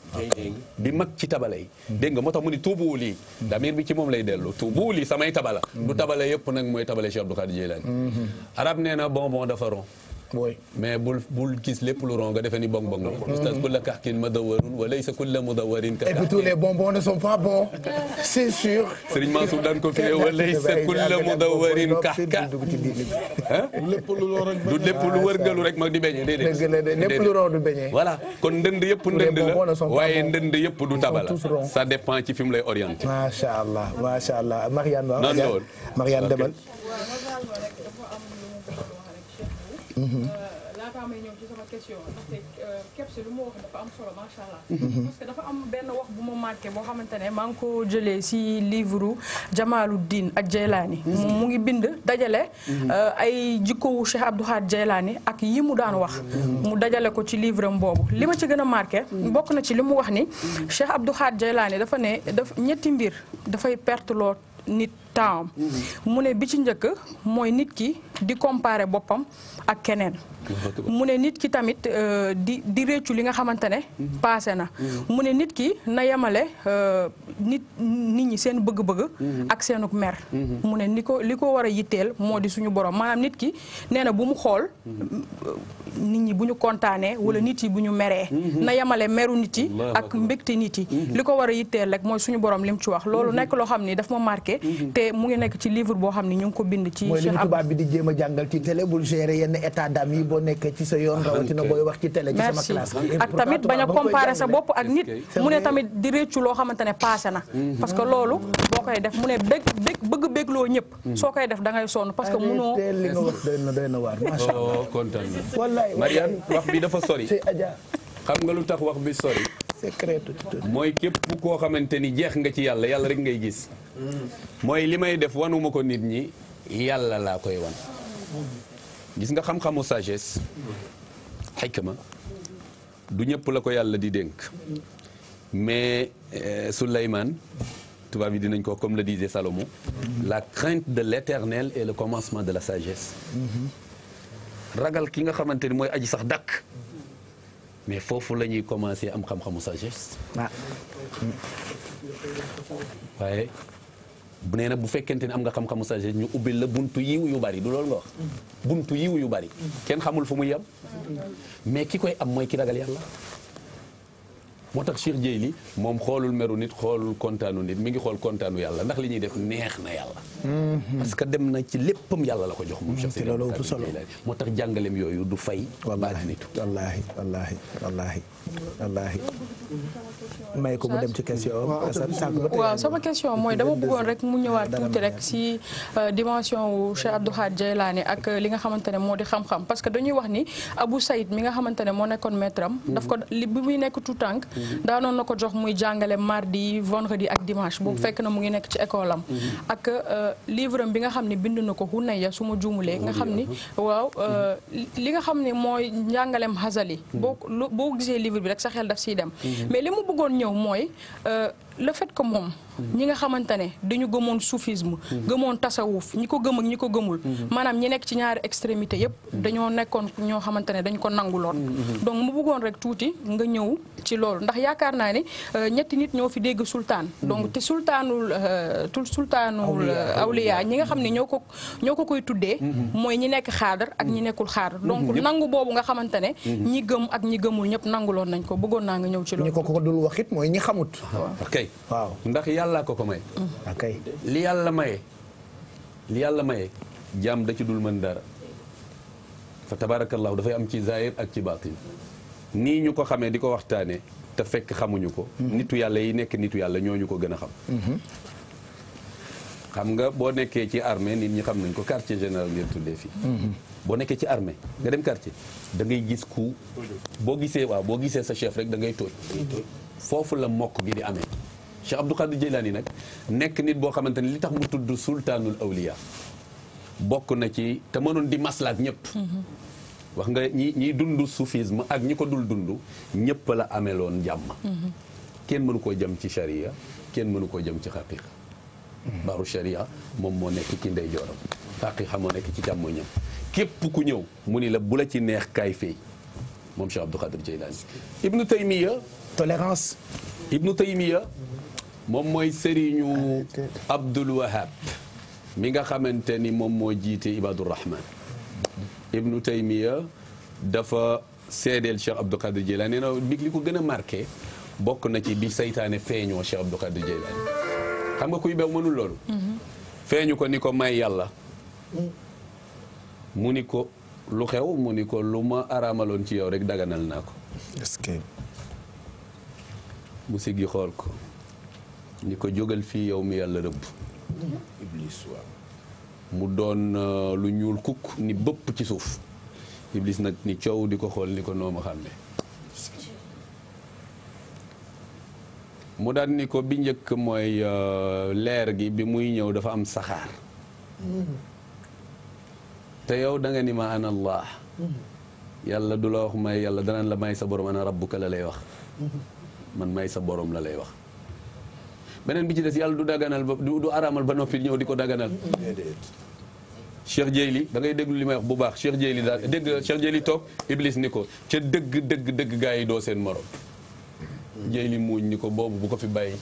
di mag ci tabala yi dégg nga moo tax mu ni tuubuu lii mm-hmm. damir bi ci moom lay dellu tuubuu lii samay tabala mm-hmm. du tabala yëpp nag mooy tabala Cheikh Abdou Khadir Jeylaani mm-hmm. arab nee na bonbon dafa rond mais bul bul gis lépp lu ron nga defe ni bong bong la. oustaz mm-hmm. kulla kaxkin mudawarun wa laysa kulla mudawarin ka. et puis tous les bonbons ne sont pas bons c'est sûr. Serigne Mansour daan kulla mudawarin ka ka. [LAUGHS] lépp lu ron rek lépp lu wërngalu rek ma di beñe déedéet. de lépp lu ron du beñe. kon ndënd yëpp ndënd la waaye ndënd yëpp du taba la ça dépend ci fi mu lay orienté. macha allah macha allah Marianne waaw Marianne demal Mhm. Euh, laataa may ñëw ci sama question euh, dafa am solo macha mhm. parce que dafa am benn wax bu ma marqué boo xamante ne maa ngi ko jëlee si livre Jamaluddin ak Jeylaani. mu ngi bind dajale. Mhm. Euh, ay jikkowu Cheikh Abdou Khadre Jeylaani ak yi mu daan wax. mu dajale ko ci livre mboobu li ma ci gën a marqué. mbokk na ci li mu wax ni. Cheikh Abdou Khadre Jeylaani dafa ne daf ñetti mbir dafay perte lool nit. temps mu ne bi ci njëkk mooy nit ki di comparer boppam ak keneen mu ne nit ki tamit euh, di di réccu li nga xamante ne passé na mu ne nit ki na yemale euh, nit nit ñi seen bëgg-bëgg ak seenuk mer mu ne ni ko li ko war a yitteel moo di suñu borom maanaam nit ki nee na bu mu xool nit ñi bu ñu kontaanee wala nit yi bu ñu meree na yemale meru nit yi ak mbégte nit yi li ko war a yitteel rek mooy suñu borom lim ci wax loolu nekk loo xam ni daf ma marqué mhm. te te mu ngi nekk ci livre boo xam ni ñu ngi ko bind ci mooy li tubaab ci télé nekkee ci sa yoon rawatina booy wax ci télé ci sama classe ak tamit bañ a comparer sa bopp ak nit mu ne tamit di réccu loo xamante ne passé na mhm. parce que loolu boo koy def mu ne bëgg bëgg bëgg bëggloo ñëpp mhm. soo koy def da ngay sonn parce que munoo li nga wax doy na doy na oh, wax bi dafa sori xam nga lu tax wax bi sori mooy képp koo xamante ni jeex nga ci yàlla yàlla rek ngay gis mooy li may def wanuma ko nit ñi yàlla laa koy wan gis nga xam-xamu sagesse ma du ñëpp la ko yàlla di dénk mais euh, Souleymane tubaab yi dinañ ko comme le disait Salomon la crainte de l'éternel est le commencement de la sagesse mm-hmm. ragal ki nga xamante ni mooy aji sax dàkk mais foofu lañuy ñuy commencer am xam-xamu sagesse. waaye bu nee nag bu fekkente ne am nga xam-xamu sagesse ñu ubbil la bunt yiw yu bari du loolu nga bunt buntu yiw yu bari. kenn xamul fu muy yem. mais ki koy am mooy ki ragal yàlla. moo tax Cheikh Dieye li moom xoolul meru nit xoolul kontaanu nit mi ngi xool kontaanu yàlla ndax li ñuy def neex na yàlla mm-hmm. parce que dem na ci léppam yàlla la ko jox moom mm-hmm. Cheikh Seydi moo tax jàngaleem yooyu du fay wallaahi nitu wallaahi wallaahi wallaahi wallaahi may ko mu dem waaw sama question mooy dama bëggoon rek mu ñëwaat tuuti rek si euh, dimension wu Cheikh Abdou Khadre Djeylani ak euh, li nga xamante ne moo di xam-xam parce que dañuy wax ni abu sayit mi nga xamante ne moo nekkoon metram am daf ko li bi muy nekk tout tànk mhm. daanoon na ko jox muy jàngale mardi vendredi ak dimanche boobu mhm. fekk na mu ngi nekk ci école am mhm. ak euh, livram bi nga xam ne bind na ko Hunayya su ma juumulee nga xam ni uh-huh. waaw li nga xam ne mooy njàngalem Hazali boo gisee livre livre bi rek sa xel daf siy dem mhm. mais li mu bëggoon ñëw mooy euh, le fait que moom ñi nga xamante ne dañu gëmoon soufisme gëmoon tasawuf ñi ko gëm ak ñi ko gëmul maanaam ñi nekk ci ñaari extrémité yëpp dañoo nekkoon ñoo xamante ne dañ ko nanguloon donc mu bëggoon rek tuuti nga ñëw ci loolu ndax yaakaar naa ne euh, ñetti nit ñoo fi dégg sultaan donc te sultaanul euh, tul sultaanul euh, awliya ñi nga xam ne ñoo ko ñoo ko koy tuddee mooy ñi nekk xaadar ak ñi nekkul xaadar donc nangu boobu nga xamante ne ñi gëm ak ñi gëmul ñëpp nanguloon nañ ko bëggoon naa nga ñëw ci loolu ñi ko ko dul wax it mooy ñi xamut ah, yàllaa ko ko may. li yàlla maye li yàlla maye jaam da ci dul mën dara fa tabaarakallaahu dafay am ci zaahir ak ci baatin nii ñu ko xamee di ko waxtaanee te fekk xamuñu ko. Mhm. nit yàlla yi nekk nitu yàlla ñooñu ko gën a xam. Mhm. xam nga boo nekkee ci armée nit ñi xam nañ ko quartier général ngeen tuddee fii. Mhm. boo nekkee ci armée nga dem quartier da gis ku. boo gisee waaw boo gisee sa chef rek da ngay foofu la mokk gi di amee. Cheikh Abdou Khadir Jeylaani nag nekk nit boo xamante ni li tax mu tudd sultaanul awliya bokk na ci te mënoon di maslaak ñëpp. wax nga ñi ñiy dund soufisme ak ñi ko dul dund ñëpp la ameloon jàmm. kenn mënu koo jëm ci charia kenn mënu koo jëm ci xaqiqa. baaru charia moom moo nekk ci ndeyjooram xaqiqa moo nekk ci càmmoñam képp ku ñëw mu ni la bu la ci neex kay fay moom Cheikh Abdou Khadir Jeylaani. Ibnu Taymiya. tolérance. Ibnu Taymiya. moom mooy sëriñu ah, Abdul Wahab mi nga xamante ni moom moo jiite Ibadur Rahman Ibnu Taymiya dafa seedeel Cheikh Abdou Kadir Jilani nee na bi li ko gën a marqué bokk na ci bi saytaane feeñoo Cheikh Abdou Kadir Jilani xam nga kuy bew mënul loolu mm-hmm. feeñu ko ni ko may yàlla mu ni ko lu xew mu ni ko lu ma araamaloon ci yow rek daganal naa ko mu siggi xool ko ni ko jógal fii yow mi yàlla rëbb mu doon euh, lu ñuul kukk ni bëpp ci suuf iblis nag ni coow di ko xool ni ko nooma xàmme mu daal ni ko bi njëkk mooy euh, leer gi bi muy ñëw dafa am saxaar te yow da ni ma ana allah yàlla du la wax may yàlla danaan la may sa borom ana rabbuka la lay wax man may sa borom la lay wax beneen bi ci des yàlla du daganal ba du araamal ba noppi ñëw di ko daganal Cheikh Jeyli da ngay déglu li may bu baax Cheikh Jeyli daal dégg Cheikh Jeyli toog Iblis ni ko ca dëgg dëgg dëgg gaa yi doo seen morom Jeyli muuñ ni ko boobu bu ko fi bàyyi